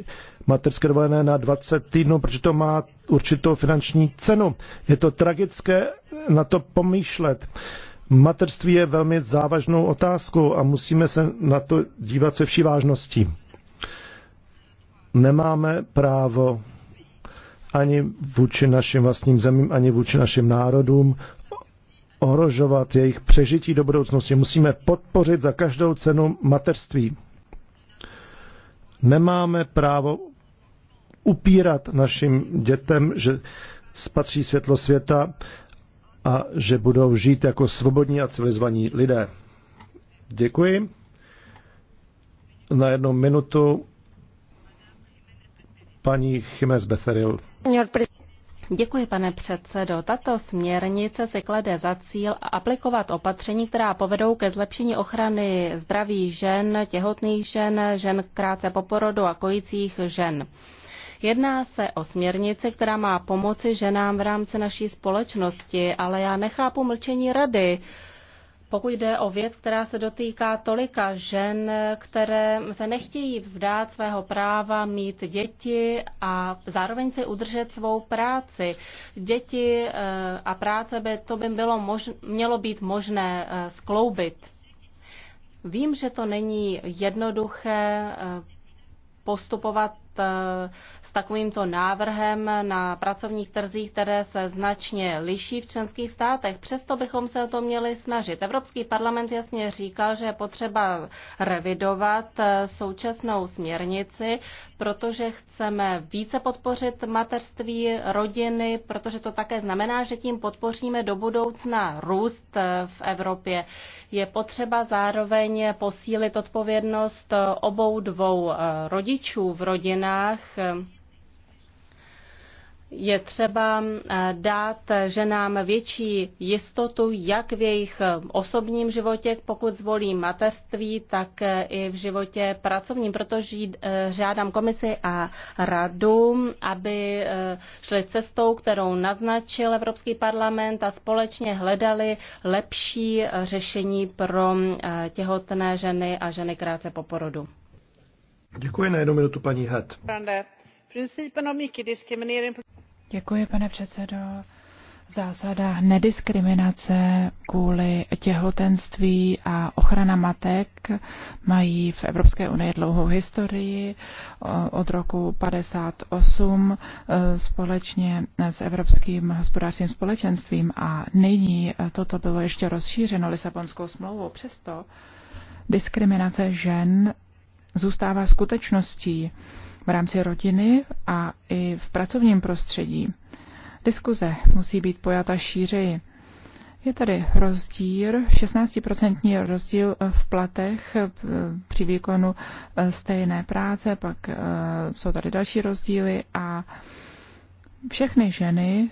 materské dovolené na 20 týdnů, protože to má určitou finanční cenu. Je to tragické na to pomýšlet. Materství je velmi závažnou otázkou a musíme se na to dívat se vší vážností. Nemáme právo ani vůči našim vlastním zemím, ani vůči našim národům, ohrožovat jejich přežití do budoucnosti. Musíme podpořit za každou cenu mateřství. Nemáme právo upírat našim dětem, že spatří světlo světa a že budou žít jako svobodní a civilizovaní lidé. Děkuji. Na jednu minutu paní Chimes Betheril. Děkuji, pane předsedo. Tato směrnice se klade za cíl aplikovat opatření, která povedou ke zlepšení ochrany zdraví žen, těhotných žen, žen krátce po porodu a kojících žen. Jedná se o směrnici, která má pomoci ženám v rámci naší společnosti, ale já nechápu mlčení rady pokud jde o věc, která se dotýká tolika žen, které se nechtějí vzdát svého práva mít děti a zároveň si udržet svou práci. Děti eh, a práce by to by bylo mož, mělo být možné eh, skloubit. Vím, že to není jednoduché eh, postupovat Eh, s takovýmto návrhem na pracovních trzích, které se značně liší v členských státech. Přesto bychom se o to měli snažit. Evropský parlament jasně říkal, že je potřeba revidovat eh, současnou směrnici, protože chceme více podpořit mateřství, rodiny, protože to také znamená, že tím podpoříme do budoucna růst v Evropě. Je potřeba zároveň posílit odpovědnost obou dvou rodičů v rodinách, je třeba eh, dát ženám větší jistotu jak v jejich eh, osobním životě, pokud zvolí mateřství, tak eh, i v životě pracovním. Protože žádám komisi a radu, aby šli cestou, kterou naznačil Evropský parlament a společně hledali lepší řešení pro těhotné ženy a ženy krátce po porodu. Děkuji na jednu minutu paní Het. Děkuji, pane předsedo. Zásada nediskriminace kvůli těhotenství a ochrana matek mají v Evropské unii dlouhou historii. Od roku 58 e, společně s Evropským hospodářským společenstvím a nyní e, toto bylo ještě rozšířeno Lisabonskou smlouvou. Přesto diskriminace žen zůstává skutečností v rámci rodiny a i v pracovním prostředí. Diskuze musí být pojata šířeji. Je tady rozdíl, 16% rozdíl v platech eh, při výkonu eh, stejné práce, pak eh, jsou tady další rozdíly a všechny ženy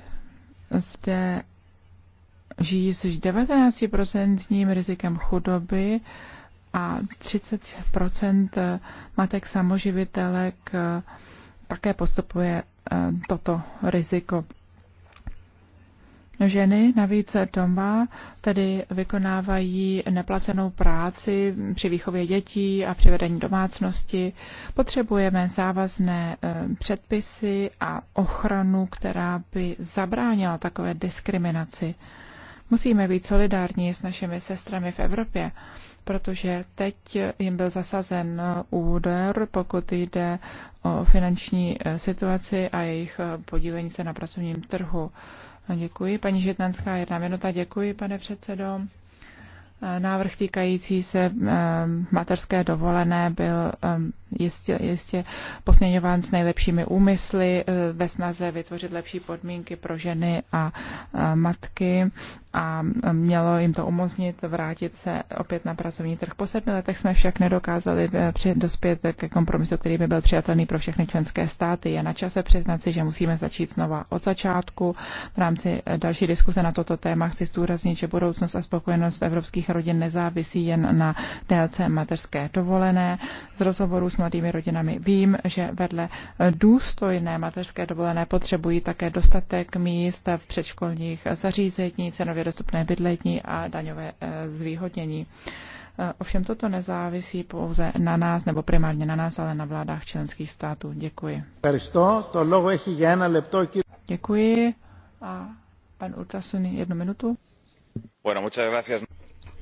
zde žijí s 19% rizikem chudoby a 30 matek samoživitelek eh, také postupuje eh, toto riziko. Ženy navíc doma tedy vykonávají neplacenou práci při výchově dětí a při vedení domácnosti. Potřebujeme závazné eh, předpisy a ochranu, která by zabránila takové diskriminaci. Musíme být solidární s našimi sestrami v Evropě protože teď jim byl zasazen úder, pokud jde o finanční eh, situaci a jejich eh, podílení se na pracovním trhu. Děkuji. Paní Žitnanská, jedna minuta. Děkuji, pane předsedo. Eh, návrh týkající se materské dovolené byl jistě, jistě posměňován s nejlepšími úmysly ve snaze vytvořit lepší podmínky pro ženy a matky a mělo jim to umožnit vrátit se opět na pracovní trh. Po sedmi letech jsme však nedokázali eh, dospět ke kompromisu, který by byl přijatelný pro všechny členské státy. Je na čase přiznat si, že musíme začít znova od začátku. V rámci eh, další diskuse na toto téma chci zdůraznit, že budoucnost a spokojenost evropských rodin nezávisí jen na délce mateřské dovolené. Z rozhovorů s mladými rodinami vím, že vedle eh, důstojné mateřské dovolené potřebují také dostatek míst v předškolních zařízení, cenově právě dostupné bydlení a daňové eh, zvýhodnění. Eh, ovšem toto nezávisí pouze na nás, nebo primárně na nás, ale na vládách členských států. Děkuji. Děkuji. A pan Urtasun, jednu minutu. Bueno, muchas gracias.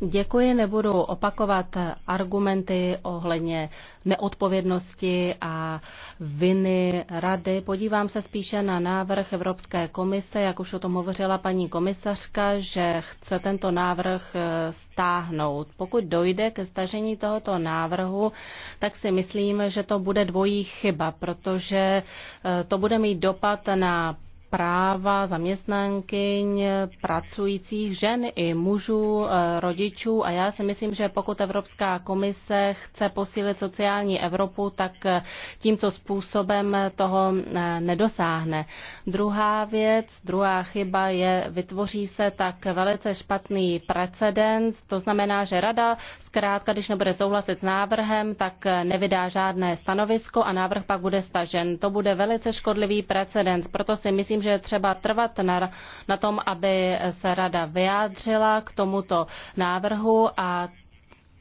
Děkuji, nebudu opakovat argumenty ohledně neodpovědnosti a viny rady. Podívám se spíše na návrh Evropské komise, jak už o tom hovořila paní komisařka, že chce tento návrh eh, stáhnout. Pokud dojde ke stažení tohoto návrhu, tak si myslím, že to bude dvojí chyba, protože eh, to bude mít dopad na práva zaměstnankyň, pracujících žen i mužů, eh, rodičů a já si myslím, že pokud Evropská komise chce posílit sociální Evropu, tak eh, tímto způsobem toho eh, nedosáhne. Druhá věc, druhá chyba je, vytvoří se tak velice špatný precedens, to znamená, že rada zkrátka, když nebude souhlasit s návrhem, tak nevydá žádné stanovisko a návrh pak bude stažen. To bude velice škodlivý precedens, proto si myslím, myslím, že třeba trvat na, na tom, aby se rada vyjádřila k tomuto návrhu a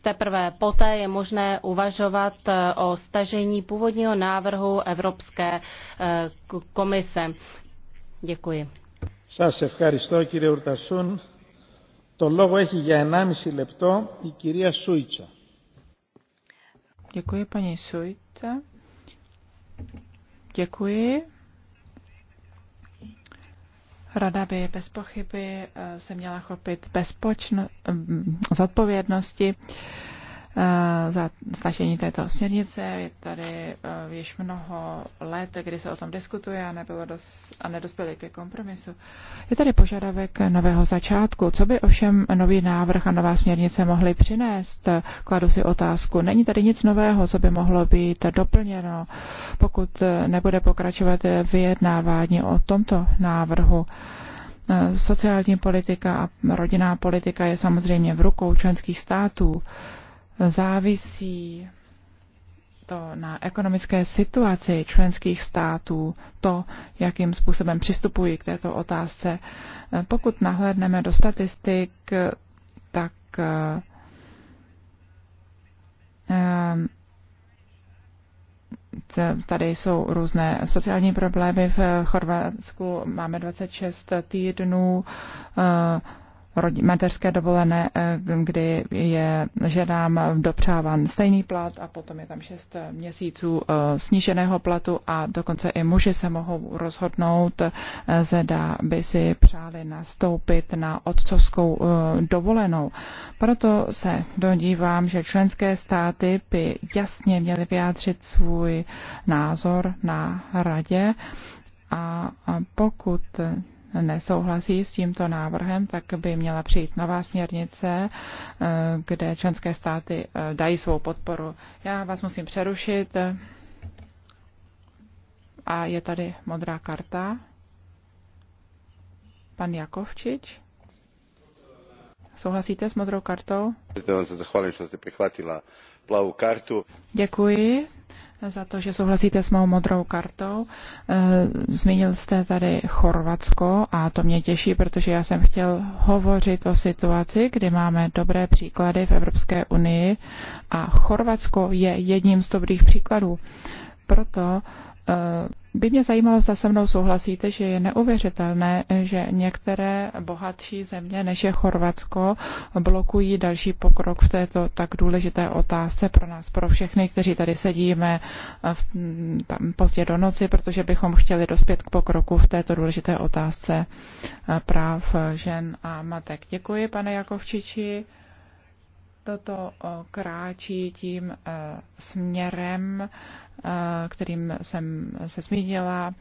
Teprve poté je možné uvažovat eh, o stažení původního návrhu Evropské eh, komise. Děkuji. Σας ευχαριστώ κύριε Ουρτασούν. Το λόγο έχει για 1,5 λεπτό η κυρία Σούιτσα. Děkuji, paní Sujce. Děkuji. Rada by bez pochyby eh, se měla chopit bezpočno, eh, zodpovědnosti. odpovědnosti Eh, za stažení této směrnice. Je tady eh, již mnoho let, kdy se o tom diskutuje a, nebylo dost, a nedospěli ke kompromisu. Je tady požadavek nového začátku. Co by ovšem nový návrh a nová směrnice mohly přinést? Kladu si otázku. Není tady nic nového, co by mohlo být doplněno, pokud eh, nebude pokračovat vyjednávání o tomto návrhu. Sociální politika a rodinná politika je samozřejmě v rukou členských států závisí to na ekonomické situaci členských států, to, jakým způsobem přistupují k této otázce. Pokud nahlédneme do statistik, tak eh, tady jsou různé sociální problémy. V Chorvatsku máme 26 týdnů eh, mateřské dovolené, eh, kdy je ženám dopřáván stejný plat a potom je tam šest měsíců eh, sníženého platu a dokonce i muži se mohou rozhodnout, eh, zda by si přáli nastoupit na otcovskou dovolenou. Proto se dodívám, že členské státy by jasně měly vyjádřit svůj názor na radě a pokud nesouhlasí s tímto návrhem, tak by měla přijít nová směrnice, eh, kde členské státy eh, dají svou podporu. Já vás musím přerušit. A je tady modrá karta. Pan Jakovčič. Souhlasíte s modrou kartou? Děkuji za to, že souhlasíte s mou modrou kartou. Eh, zmínil jste tady Chorvatsko a to mě těší, protože já jsem chtěl hovořit o situaci, kdy máme dobré příklady v Evropské unii a Chorvatsko je jedním z dobrých příkladů. Proto eh, by mě zajímalo, zda se mnou souhlasíte, že je neuvěřitelné, že některé bohatší země, než je Chorvatsko, blokují další pokrok v této tak důležité otázce pro nás, pro všechny, kteří tady sedíme v, tam pozdě do noci, protože bychom chtěli dospět k pokroku v této důležité otázce práv žen a matek. Děkuji, pane Jakovčiči toto eh, kráčí tím eh, směrem, eh, kterým jsem se zmínila.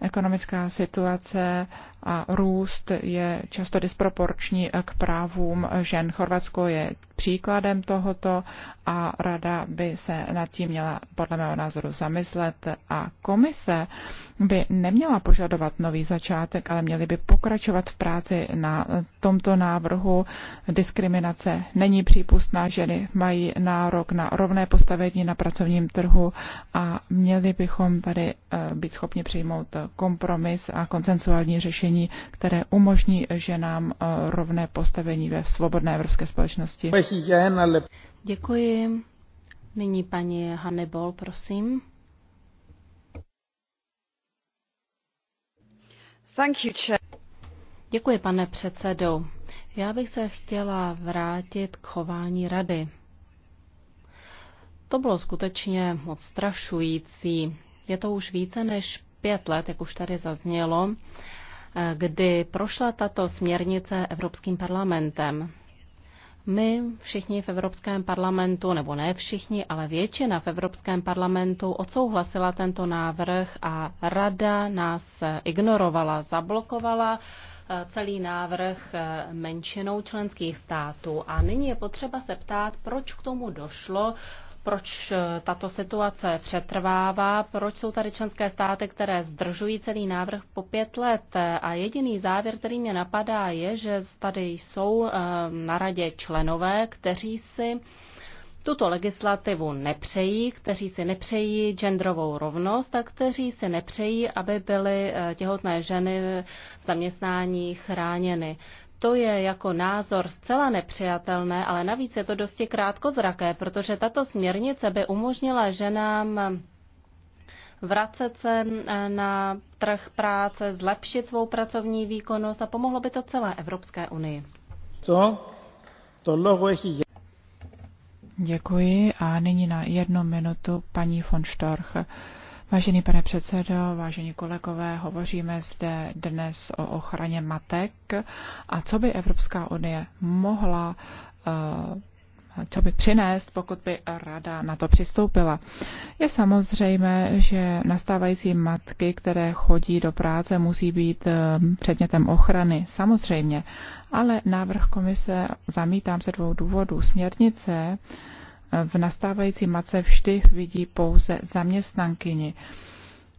Ekonomická situace a růst je často disproporční k právům žen. Chorvatsko je příkladem tohoto a rada by se nad tím měla podle mého názoru zamyslet a komise by neměla požadovat nový začátek, ale měly by pokračovat v práci na tomto návrhu. Diskriminace není přípustná, ženy mají nárok na rovné postavení na pracovním trhu a měli bychom tady eh, být schopni přijmout kompromis a koncensuální řešení opatření, které umožní ženám eh, rovné postavení ve svobodné evropské společnosti. Děkuji. Nyní paní Hannibal, prosím. Děkuji, pane předsedo. Já bych se chtěla vrátit k chování rady. To bylo skutečně moc strašující. Je to už více než pět let, jak už tady zaznělo, kdy prošla tato směrnice Evropským parlamentem. My všichni v Evropském parlamentu, nebo ne všichni, ale většina v Evropském parlamentu odsouhlasila tento návrh a rada nás ignorovala, zablokovala eh, celý návrh eh, menšinou členských států. A nyní je potřeba se ptát, proč k tomu došlo, proč eh, tato situace přetrvává, proč jsou tady členské státy, které zdržují celý návrh po pět let. Eh, a jediný závěr, který mě napadá, je, že tady jsou eh, na radě členové, kteří si tuto legislativu nepřejí, kteří si nepřejí genderovou rovnost a kteří si nepřejí, aby byly těhotné ženy v zaměstnání chráněny. To je jako názor zcela nepřijatelné, ale navíc je to dosti krátkozraké, protože tato směrnice by umožnila ženám vracet se eh, na trh práce, zlepšit svou pracovní výkonnost a pomohlo by to celé Evropské unii. To, to logo je... Děkuji a nyní na jednu minutu paní von Storch. Vážený pane předsedo, vážení kolegové, hovoříme zde dnes o ochraně matek a co by Evropská unie mohla eh, co by přinést, pokud by rada na to přistoupila. Je samozřejmé, že nastávající matky, které chodí do práce, musí být eh, předmětem ochrany, samozřejmě. Ale návrh komise zamítám se dvou důvodů. Směrnice v nastávající mace vždy vidí pouze zaměstnankyni.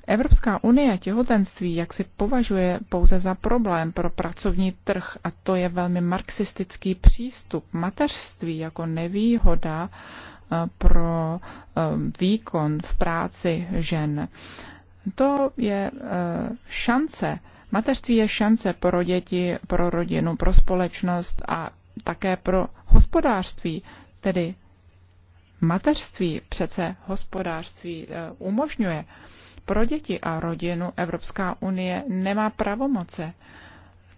Evropská unie těhotenství jak si považuje pouze za problém pro pracovní trh a to je velmi marxistický přístup. Mateřství jako nevýhoda eh, pro eh, výkon v práci žen. To je eh, šance. Mateřství je šance pro děti, pro rodinu, pro společnost a také pro hospodářství, tedy mateřství přece hospodářství eh, umožňuje. Pro děti a rodinu Evropská unie nemá pravomoce.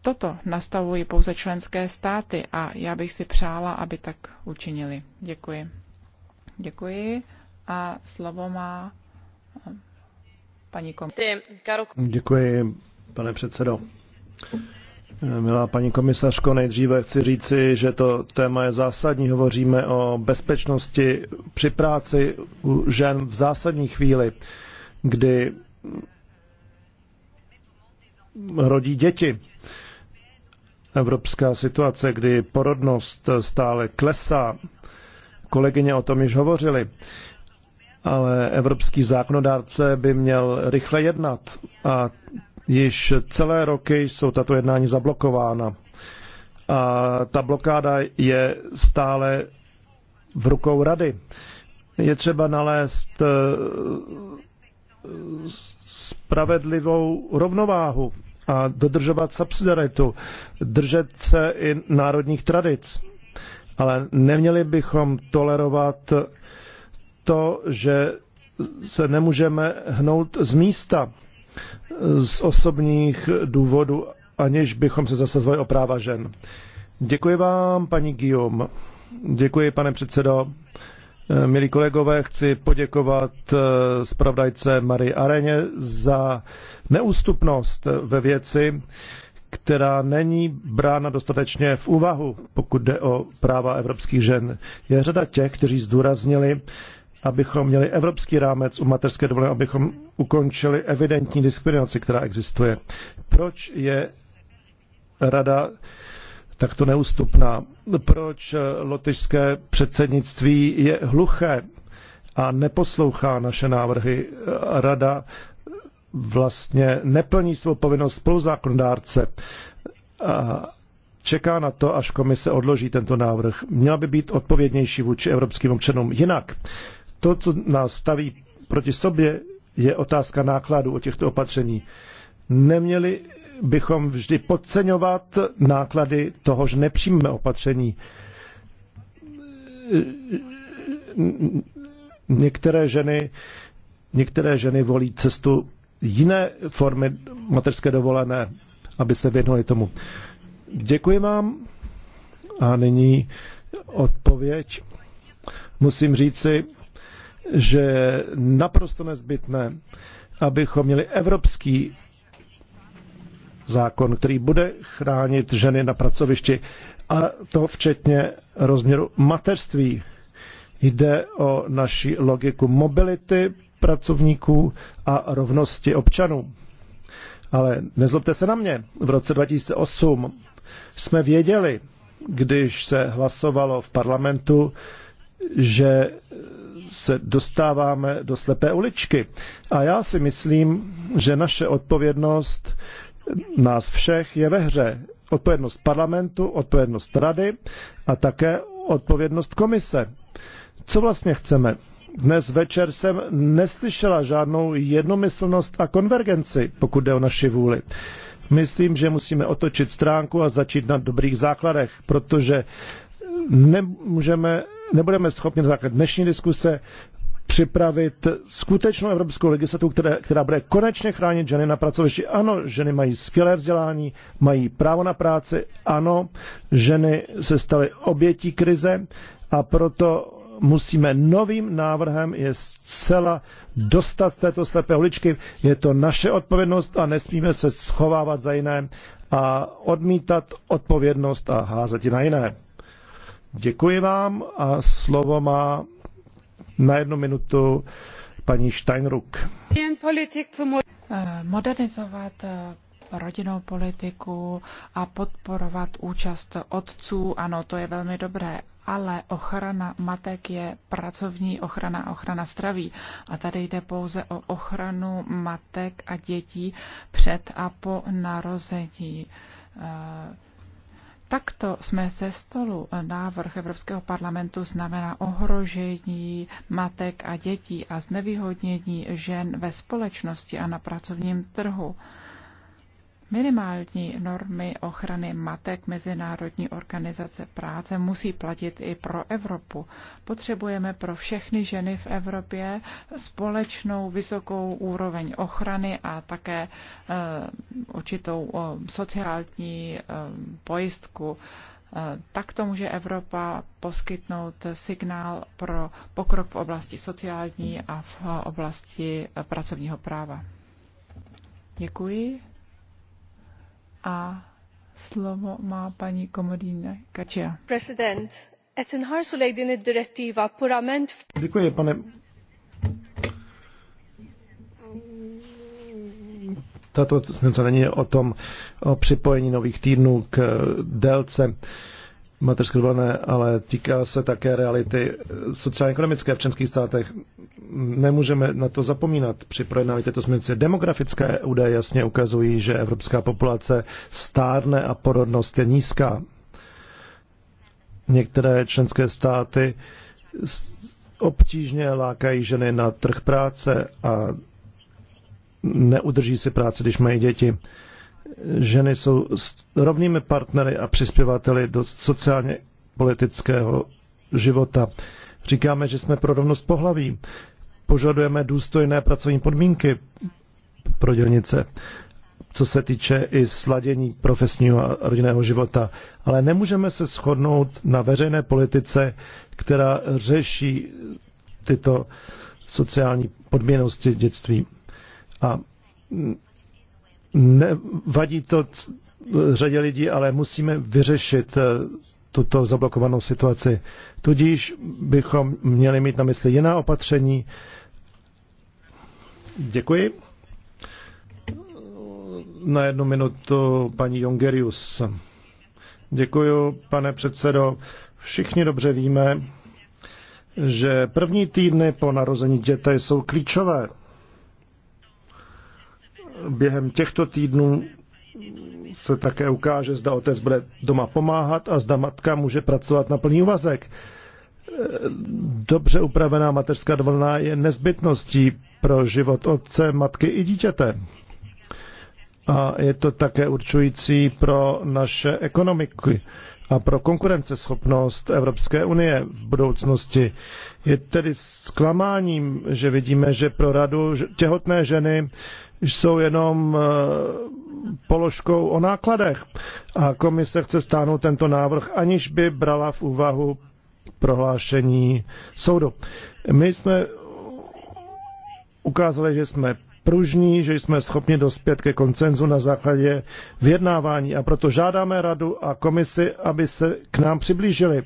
Toto nastavují pouze členské státy a já bych si přála, aby tak učinili. Děkuji. Děkuji a slovo má eh, paní kom. Děkuji, pane předsedo. Milá paní komisařko, nejdříve chci říci, že to téma je zásadní. Hovoříme o bezpečnosti při práci u žen v zásadní chvíli, kdy rodí děti. Evropská situace, kdy porodnost stále klesá. Kolegyně o tom již hovořili. Ale evropský zákonodárce by měl rychle jednat a Již celé roky jsou tato jednání zablokována. A ta blokáda je stále v rukou rady. Je třeba nalézt eh, spravedlivou rovnováhu a dodržovat subsidiaritu, držet se i národních tradic. Ale neměli bychom tolerovat to, že se nemůžeme hnout z místa z osobních důvodů, aniž bychom se zasazovali o práva žen. Děkuji vám, paní Guillaume. Děkuji, pane předsedo. Eh, milí kolegové, chci poděkovat eh, zpravodajce Marie Areně za neústupnost eh, ve věci, která není brána dostatečně v úvahu, pokud jde o práva evropských žen. Je řada těch, kteří zdůraznili, abychom měli evropský rámec u mateřské dovolené, abychom ukončili evidentní diskriminaci, která existuje. Proč je rada takto neústupná? Proč lotyšské předsednictví je hluché a neposlouchá naše návrhy? Rada vlastně neplní svou povinnost spoluzákonodárce. A čeká na to, až komise odloží tento návrh. Měla by být odpovědnější vůči evropským občanům. Jinak to, co nás staví proti sobě, je otázka nákladů o těchto opatření. Neměli bychom vždy podceňovat náklady toho, že nepřijmeme opatření. Některé ženy, některé ženy volí cestu jiné formy materské dovolené, aby se věnovali tomu. Děkuji vám. A nyní odpověď. Musím říci, že je naprosto nezbytné, abychom měli evropský zákon, který bude chránit ženy na pracovišti a to včetně rozměru mateřství. Jde o naši logiku mobility pracovníků a rovnosti občanů. Ale nezlobte se na mě, v roce 2008 jsme věděli, když se hlasovalo v parlamentu, že se dostáváme do slepé uličky. A já si myslím, že naše odpovědnost nás všech je ve hře. Odpovědnost parlamentu, odpovědnost rady a také odpovědnost komise. Co vlastně chceme? Dnes večer jsem neslyšela žádnou jednomyslnost a konvergenci, pokud jde o naši vůli. Myslím, že musíme otočit stránku a začít na dobrých základech, protože nemůžeme nebudeme schopni na základě dnešní diskuse připravit skutečnou evropskou legislativu, která, která bude konečně chránit ženy na pracovišti. Ano, ženy mají skvělé vzdělání, mají právo na práci, ano, ženy se staly obětí krize a proto musíme novým návrhem je zcela dostat z této slepé uličky. Je to naše odpovědnost a nesmíme se schovávat za jiné a odmítat odpovědnost a házet ji na jiné. Děkuji vám a slovo má na jednu minutu paní Steinruck. Modernizovat eh, rodinnou politiku a podporovat účast otců, ano, to je velmi dobré, ale ochrana matek je pracovní ochrana a ochrana zdraví. A tady jde pouze o ochranu matek a dětí před a po narození eh, takto jsme ze stolu eh, návrh Evropského parlamentu znamená ohrožení matek a dětí a znevýhodnění žen ve společnosti a na pracovním trhu. Minimální normy ochrany matek Mezinárodní organizace práce musí platit i pro Evropu. Potřebujeme pro všechny ženy v Evropě společnou vysokou úroveň ochrany a také eh, určitou sociální eh, pojistku. Eh, to může Evropa poskytnout signál pro pokrok v oblasti sociální a v oblasti pracovního práva. Děkuji a slovo má paní komodína Kačia. President, et inħarsu lejdin id purament... Děkuji, pane... Tato není o tom, o připojení nových týdnů k eh, délce Materské dovolené, ale týká se také reality sociálně-ekonomické v českých státech. Nemůžeme na to zapomínat při projednávání této směrnice. Demografické údaje jasně ukazují, že evropská populace stárne a porodnost je nízká. Některé členské státy obtížně lákají ženy na trh práce a neudrží si práce, když mají děti ženy jsou rovnými partnery a přispěvateli do sociálně politického života. Říkáme, že jsme pro rovnost pohlaví. Požadujeme důstojné pracovní podmínky pro dělnice, co se týče i sladění profesního a rodinného života. Ale nemůžeme se shodnout na veřejné politice, která řeší tyto sociální podmínosti dětství. A Nevadí to řadě lidí, ale musíme vyřešit eh, tuto zablokovanou situaci. Tudíž bychom měli mít na mysli jiná opatření. Děkuji. Na jednu minutu paní Jongerius. Děkuji, pane předsedo. Všichni dobře víme, že první týdny po narození dítěte jsou klíčové během těchto týdnů se také ukáže, zda otec bude doma pomáhat a zda matka může pracovat na plný úvazek. Dobře upravená mateřská dovolená je nezbytností pro život otce, matky i dítěte. A je to také určující pro naše ekonomiky a pro konkurenceschopnost Evropské unie v budoucnosti. Je tedy zklamáním, že vidíme, že pro radu těhotné ženy jsou jenom eh, položkou o nákladech. A komise chce stáhnout tento návrh, aniž by brala v úvahu prohlášení soudu. My jsme ukázali, že jsme pružní, že jsme schopni dospět ke koncenzu na základě vyjednávání a proto žádáme radu a komisi, aby se k nám přiblížili.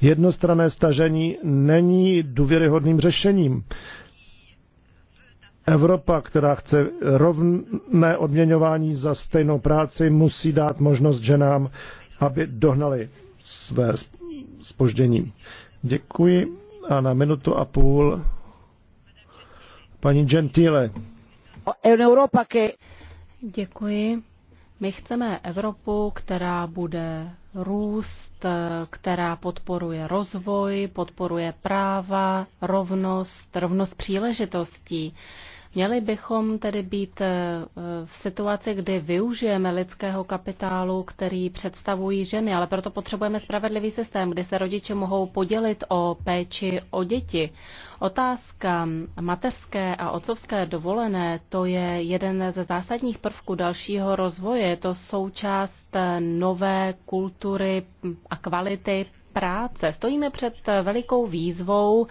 Jednostrané stažení není důvěryhodným řešením. Evropa, která chce rovné odměňování za stejnou práci, musí dát možnost ženám, aby dohnali své spoždění. Děkuji a na minutu a půl paní Gentile. Děkuji. My chceme Evropu, která bude růst, která podporuje rozvoj, podporuje práva, rovnost, rovnost příležitostí. Měli bychom tedy být eh, v situaci, kdy využijeme lidského kapitálu, který představují ženy, ale proto potřebujeme spravedlivý systém, kdy se rodiče mohou podělit o péči o děti. Otázka mateřské a otcovské dovolené, to je jeden ze zásadních prvků dalšího rozvoje. Je to součást eh, nové kultury a kvality práce. Stojíme před velikou výzvou,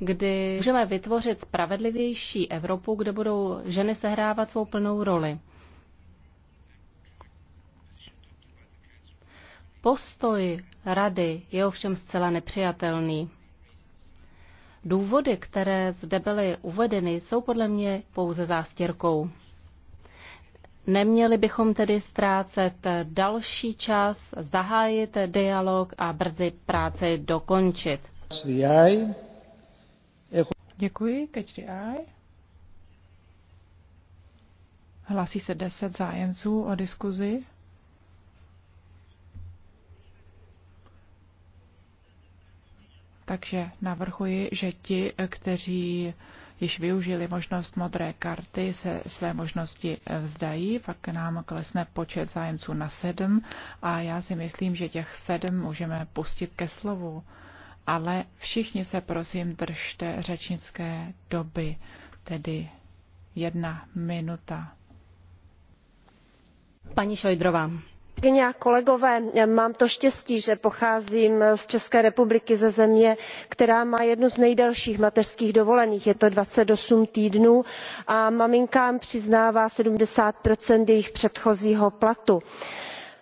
kdy můžeme vytvořit spravedlivější Evropu, kde budou ženy sehrávat svou plnou roli. Postoj rady je ovšem zcela nepřijatelný. Důvody, které zde byly uvedeny, jsou podle mě pouze zástěrkou. Neměli bychom tedy ztrácet další čas, zahájit dialog a brzy práci dokončit. Děkuji, catch the eye. Hlásí se deset zájemců o diskuzi. Takže navrhuji, že ti, kteří již využili možnost modré karty, se své možnosti vzdají, pak nám klesne počet zájemců na sedm a já si myslím, že těch sedm můžeme pustit ke slovu ale všichni se prosím držte řečnické doby, tedy jedna minuta. Paní Šojdrová. Kyně a kolegové, mám to štěstí, že pocházím z České republiky, ze země, která má jednu z nejdelších mateřských dovolených, je to 28 týdnů a maminkám přiznává 70 jejich předchozího platu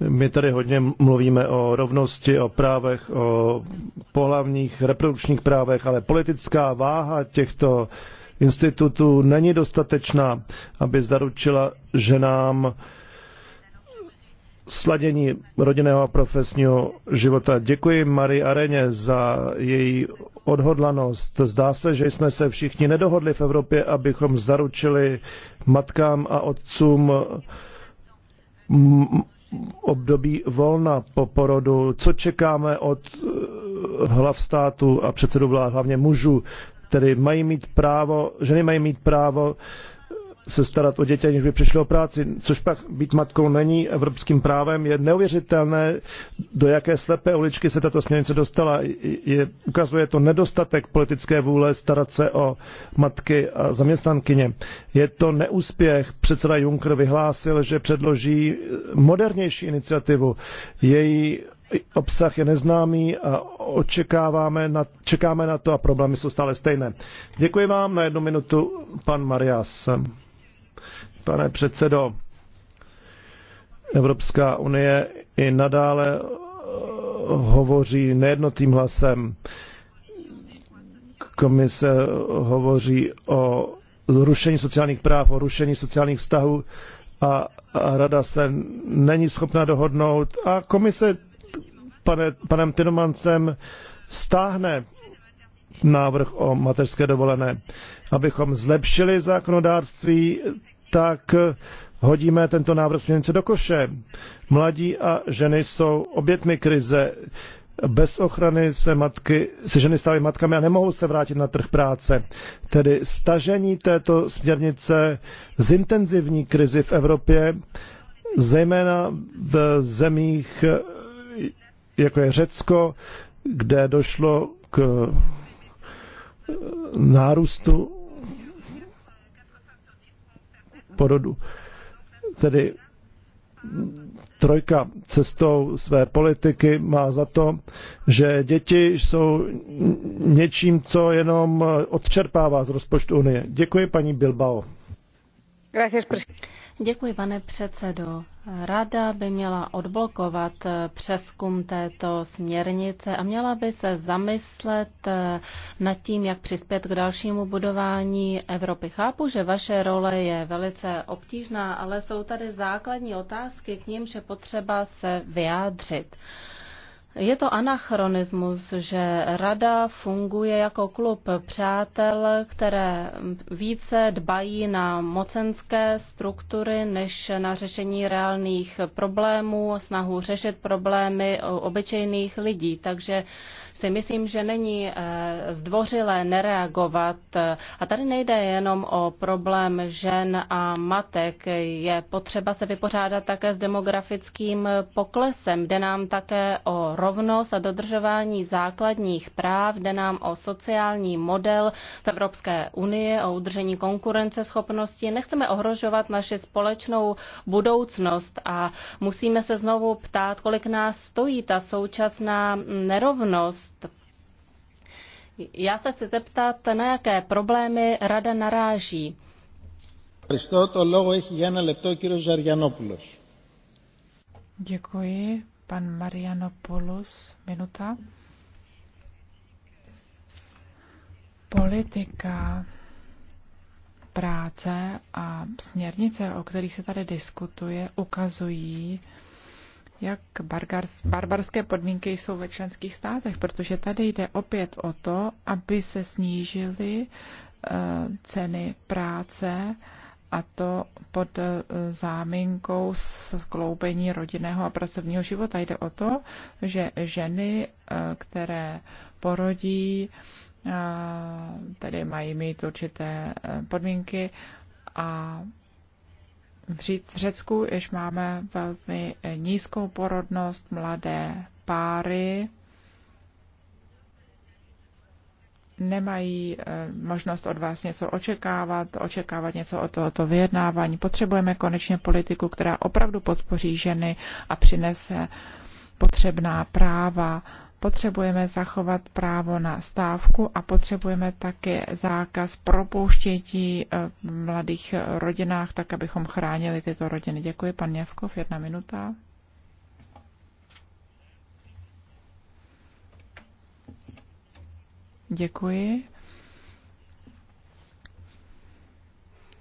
My tady hodně mluvíme o rovnosti, o právech, o pohlavních reprodukčních právech, ale politická váha těchto institutů není dostatečná, aby zaručila ženám sladění rodinného a profesního života. Děkuji Marii Areně za její odhodlanost. Zdá se, že jsme se všichni nedohodli v Evropě, abychom zaručili matkám a otcům období volna po porodu, co čekáme od eh, hlav státu a předsedu vlád, hlavně mužů, tedy mají mít právo, ženy mají mít právo se starat o děti, aniž by přišli o práci, což pak být matkou není evropským právem, je neuvěřitelné, do jaké slepé uličky se tato směrnice dostala. Je, ukazuje to nedostatek politické vůle starat se o matky a zaměstnankyně. Je to neúspěch. Předseda Juncker vyhlásil, že předloží modernější iniciativu. Její obsah je neznámý a očekáváme na, čekáme na to a problémy jsou stále stejné. Děkuji vám na jednu minutu, pan Marias. Pane předsedo, Evropská unie i nadále eh, hovoří nejednotým hlasem. Komise hovoří o rušení sociálních práv, o rušení sociálních vztahů a, a rada se není schopna dohodnout a komise pane, panem Tinomancem stáhne návrh o mateřské dovolené abychom zlepšili zákonodárství, tak hodíme tento návrh směrnice do koše. Mladí a ženy jsou obětmi krize. Bez ochrany se, matky, se ženy stávají matkami a nemohou se vrátit na trh práce. Tedy stažení této směrnice z intenzivní krizi v Evropě, zejména v zemích, jako je Řecko, kde došlo k nárůstu porodu. Tedy trojka cestou své politiky má za to, že děti jsou něčím, co jenom odčerpává z rozpočtu Unie. Děkuji paní Bilbao. Gracias, Děkuji, pane předsedo. Rada by měla odblokovat eh, přeskum této směrnice a měla by se zamyslet eh, nad tím, jak přispět k dalšímu budování Evropy. Chápu, že vaše role je velice obtížná, ale jsou tady základní otázky, k nímž je potřeba se vyjádřit. Je to anachronismus, že rada funguje jako klub přátel, které více dbají na mocenské struktury než na řešení reálných problémů, snahu řešit problémy obyčejných lidí. Takže si myslím, že není eh, zdvořilé nereagovat. A tady nejde jenom o problém žen a matek. Je potřeba se vypořádat také s demografickým poklesem. Jde nám také o rovnost a dodržování základních práv. Jde nám o sociální model v Evropské unii, o udržení konkurenceschopnosti. Nechceme ohrožovat naši společnou budoucnost a musíme se znovu ptát, kolik nás stojí ta současná nerovnost já se chci zeptat, na jaké problémy rada naráží. Děkuji. Pan Marianopoulos, minuta. Politika práce a směrnice, o kterých se tady diskutuje, ukazují, jak barbarské podmínky jsou ve členských státech, protože tady jde opět o to, aby se snížily eh, ceny práce a to pod eh, záminkou skloubení rodinného a pracovního života. Jde o to, že ženy, eh, které porodí, tedy mají mít určité podmínky a v Řecku jež máme velmi nízkou porodnost mladé páry, nemají eh, možnost od vás něco očekávat, očekávat něco od tohoto vyjednávání. Potřebujeme konečně politiku, která opravdu podpoří ženy a přinese potřebná práva potřebujeme zachovat právo na stávku a potřebujeme také zákaz propouštětí eh, v mladých rodinách, tak abychom chránili tyto rodiny. Děkuji, pan Javkov, jedna minuta. Děkuji.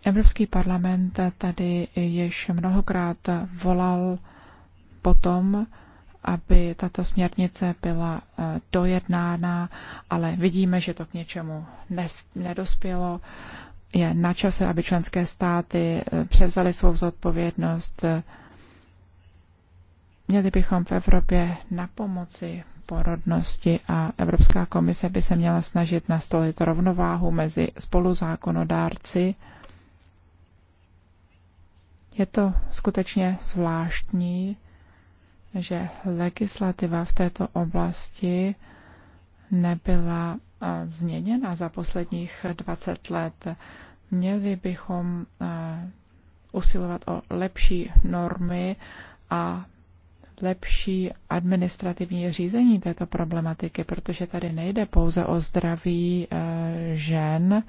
Evropský parlament tady již mnohokrát volal potom, aby tato směrnice byla eh, dojednána, ale vidíme, že to k něčemu nedospělo. Je na čase, aby členské státy eh, převzaly svou zodpovědnost. Měli bychom v Evropě na pomoci porodnosti a Evropská komise by se měla snažit nastolit rovnováhu mezi spoluzákonodárci. Je to skutečně zvláštní, že legislativa v této oblasti nebyla eh, změněna za posledních 20 let. Měli bychom eh, usilovat o lepší normy a lepší administrativní řízení této problematiky, protože tady nejde pouze o zdraví eh, žen,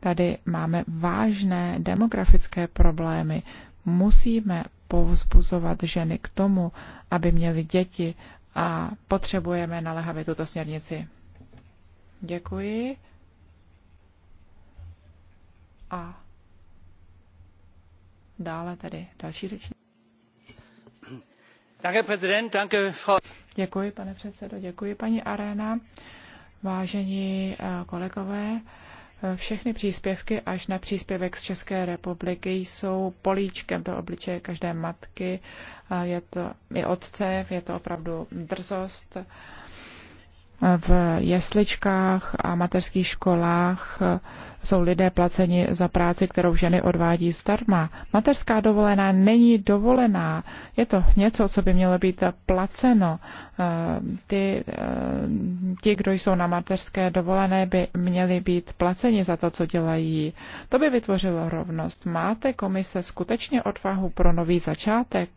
tady máme vážné demografické problémy. Musíme povzbuzovat ženy k tomu, aby měly děti a potřebujeme naléhavě tuto směrnici. Děkuji. A dále tedy další řečník. Děkuji, pane předsedo, děkuji, paní Arena. Vážení eh, kolegové, všechny příspěvky až na příspěvek z České republiky jsou políčkem do obličeje každé matky. Je to i otce, je to opravdu drzost v jesličkách a mateřských školách eh, jsou lidé placeni za práci, kterou ženy odvádí zdarma. Mateřská dovolená není dovolená. Je to něco, co by mělo být placeno. Eh, ty, eh, ti, kdo jsou na mateřské dovolené, by měli být placeni za to, co dělají. To by vytvořilo rovnost. Máte komise skutečně odvahu pro nový začátek?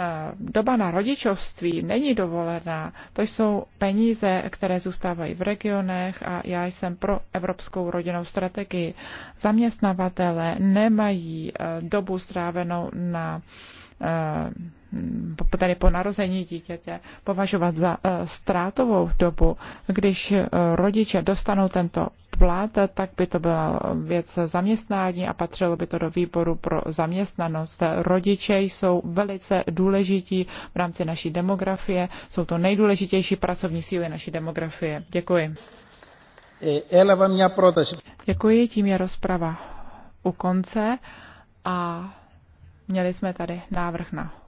Eh, doba na rodičovství není dovolená. To jsou peníze, které zůstávají v regionech a já jsem pro evropskou rodinnou strategii. Zaměstnavatele nemají eh, dobu strávenou na eh, tedy po narození dítěte považovat za eh, ztrátovou dobu. Když eh, rodiče dostanou tento plat, tak by to byla věc zaměstnání a patřilo by to do výboru pro zaměstnanost. Rodiče jsou velice důležití v rámci naší demografie, jsou to nejdůležitější pracovní síly naší demografie. Děkuji. Děkuji, tím je rozprava u konce a měli jsme tady návrh na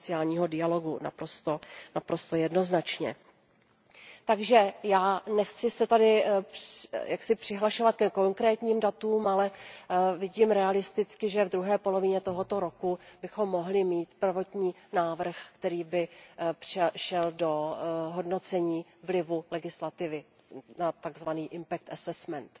sociálního dialogu naprosto jednoznačně. takže já nechci se tady eh, eh, jaksi přihlašovat ke konkrétním datům ale eh, vidím realisticky že v druhé polovině tohoto roku bychom mohli mít prvotní návrh který by šel do hodnocení vlivu legislativy na takzvaný impact assessment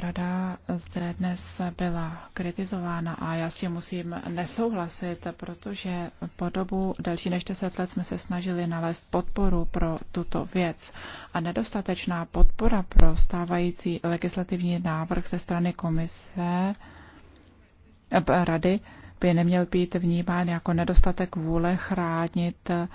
rada zde dnes byla kritizována a já s tím musím nesouhlasit, protože po dobu delší než 10 let jsme se snažili nalézt podporu pro tuto věc a nedostatečná podpora pro stávající legislativní návrh ze strany komise eh, rady by neměl být vnímán jako nedostatek vůle chránit eh,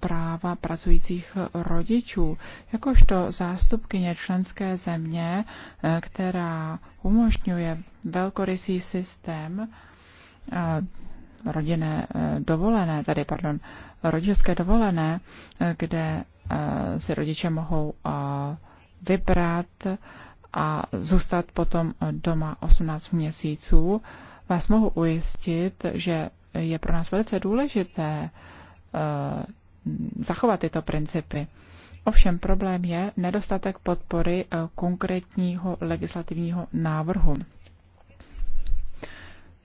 práva pracujících rodičů. Jakožto zástupkyně členské země, eh, která umožňuje velkorysý systém eh, rodinné dovolené, tady, pardon, rodičovské dovolené, kde si rodiče mohou vybrat a zůstat potom doma 18 měsíců, vás mohu ujistit, že je pro nás velice důležité eh, zachovat tyto principy. Ovšem problém je nedostatek podpory eh, konkrétního legislativního návrhu.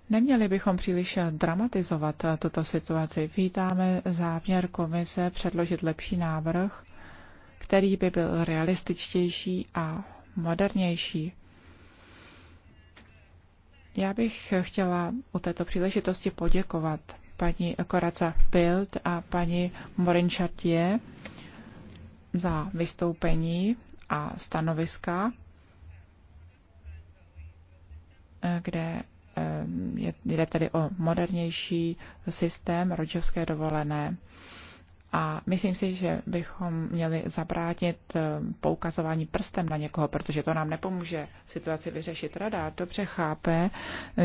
Neměli bychom příliš dramatizovat eh, tuto situaci. Vítáme záměr komise předložit lepší návrh, který by byl realističtější a modernější. Já bych chtěla u této příležitosti poděkovat paní Koraca Pilt a paní Morin Chartier za vystoupení a stanoviska, eh, kde eh, jde tedy o modernější systém rodičovské dovolené. A myslím si, že bychom měli zabránit eh, poukazování prstem na někoho, protože to nám nepomůže situaci vyřešit. Rada dobře chápe,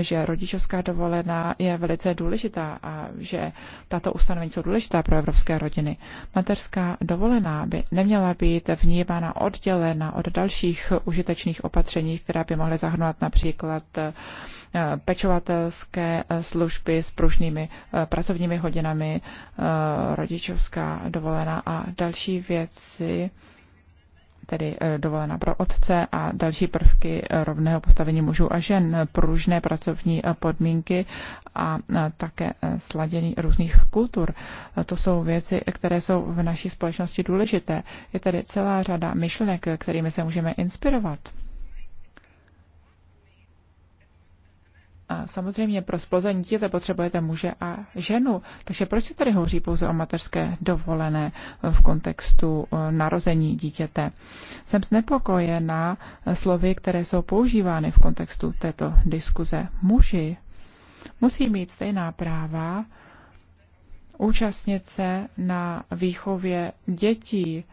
že rodičovská dovolená je velice důležitá a že tato ustanovení jsou důležitá pro evropské rodiny. Mateřská dovolená by neměla být vnímána oddělena od dalších užitečných opatření, která by mohly zahrnovat například eh, pečovatelské eh, služby s pružnými pracovními hodinami, rodičovské rodičovská dovolená a další věci, tedy eh, dovolená pro otce a další prvky rovného postavení mužů a žen, pružné pracovní eh, podmínky a eh, také sladění různých kultur. To jsou věci, které jsou v naší společnosti důležité. Je tedy celá řada myšlenek, kterými se můžeme inspirovat. A samozřejmě pro splození dítěte potřebujete muže a ženu. Takže proč se tady hovoří pouze o mateřské dovolené v kontextu e, narození dítěte? Jsem znepokojena slovy, které jsou používány v kontextu této diskuze. Muži musí mít stejná práva účastnit se na výchově dětí.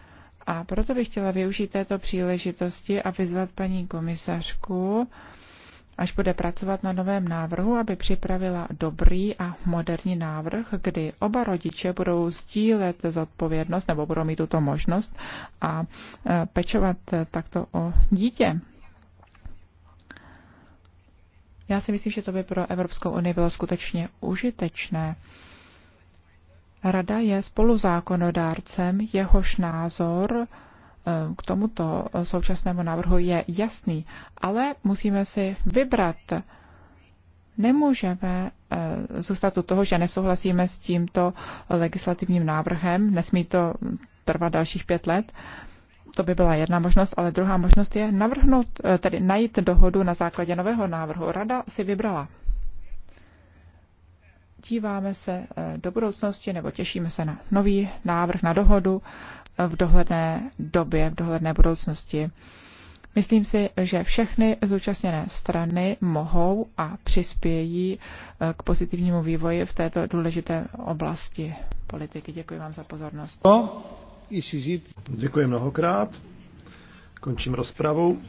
A proto bych chtěla využít této příležitosti a vyzvat paní komisařku, až bude pracovat na novém návrhu, aby připravila dobrý a moderní návrh, kdy oba rodiče budou sdílet zodpovědnost nebo budou mít tuto možnost a e, pečovat takto o dítě. Já si myslím, že to by pro Evropskou unii bylo skutečně užitečné. Rada je spoluzákonodárcem, jehož názor k tomuto současnému návrhu je jasný, ale musíme si vybrat. Nemůžeme eh, zůstat u toho, že nesouhlasíme s tímto legislativním návrhem, nesmí to trvat dalších pět let. To by byla jedna možnost, ale druhá možnost je navrhnout, eh, tedy najít dohodu na základě nového návrhu. Rada si vybrala. Díváme se eh, do budoucnosti nebo těšíme se na nový návrh, na dohodu v dohledné době, v dohledné budoucnosti. Myslím si, že všechny zúčastněné strany mohou a přispějí eh, k pozitivnímu vývoji v této důležité oblasti politiky. Děkuji vám za pozornost. No, Děkuji mnohokrát. Končím rozpravu.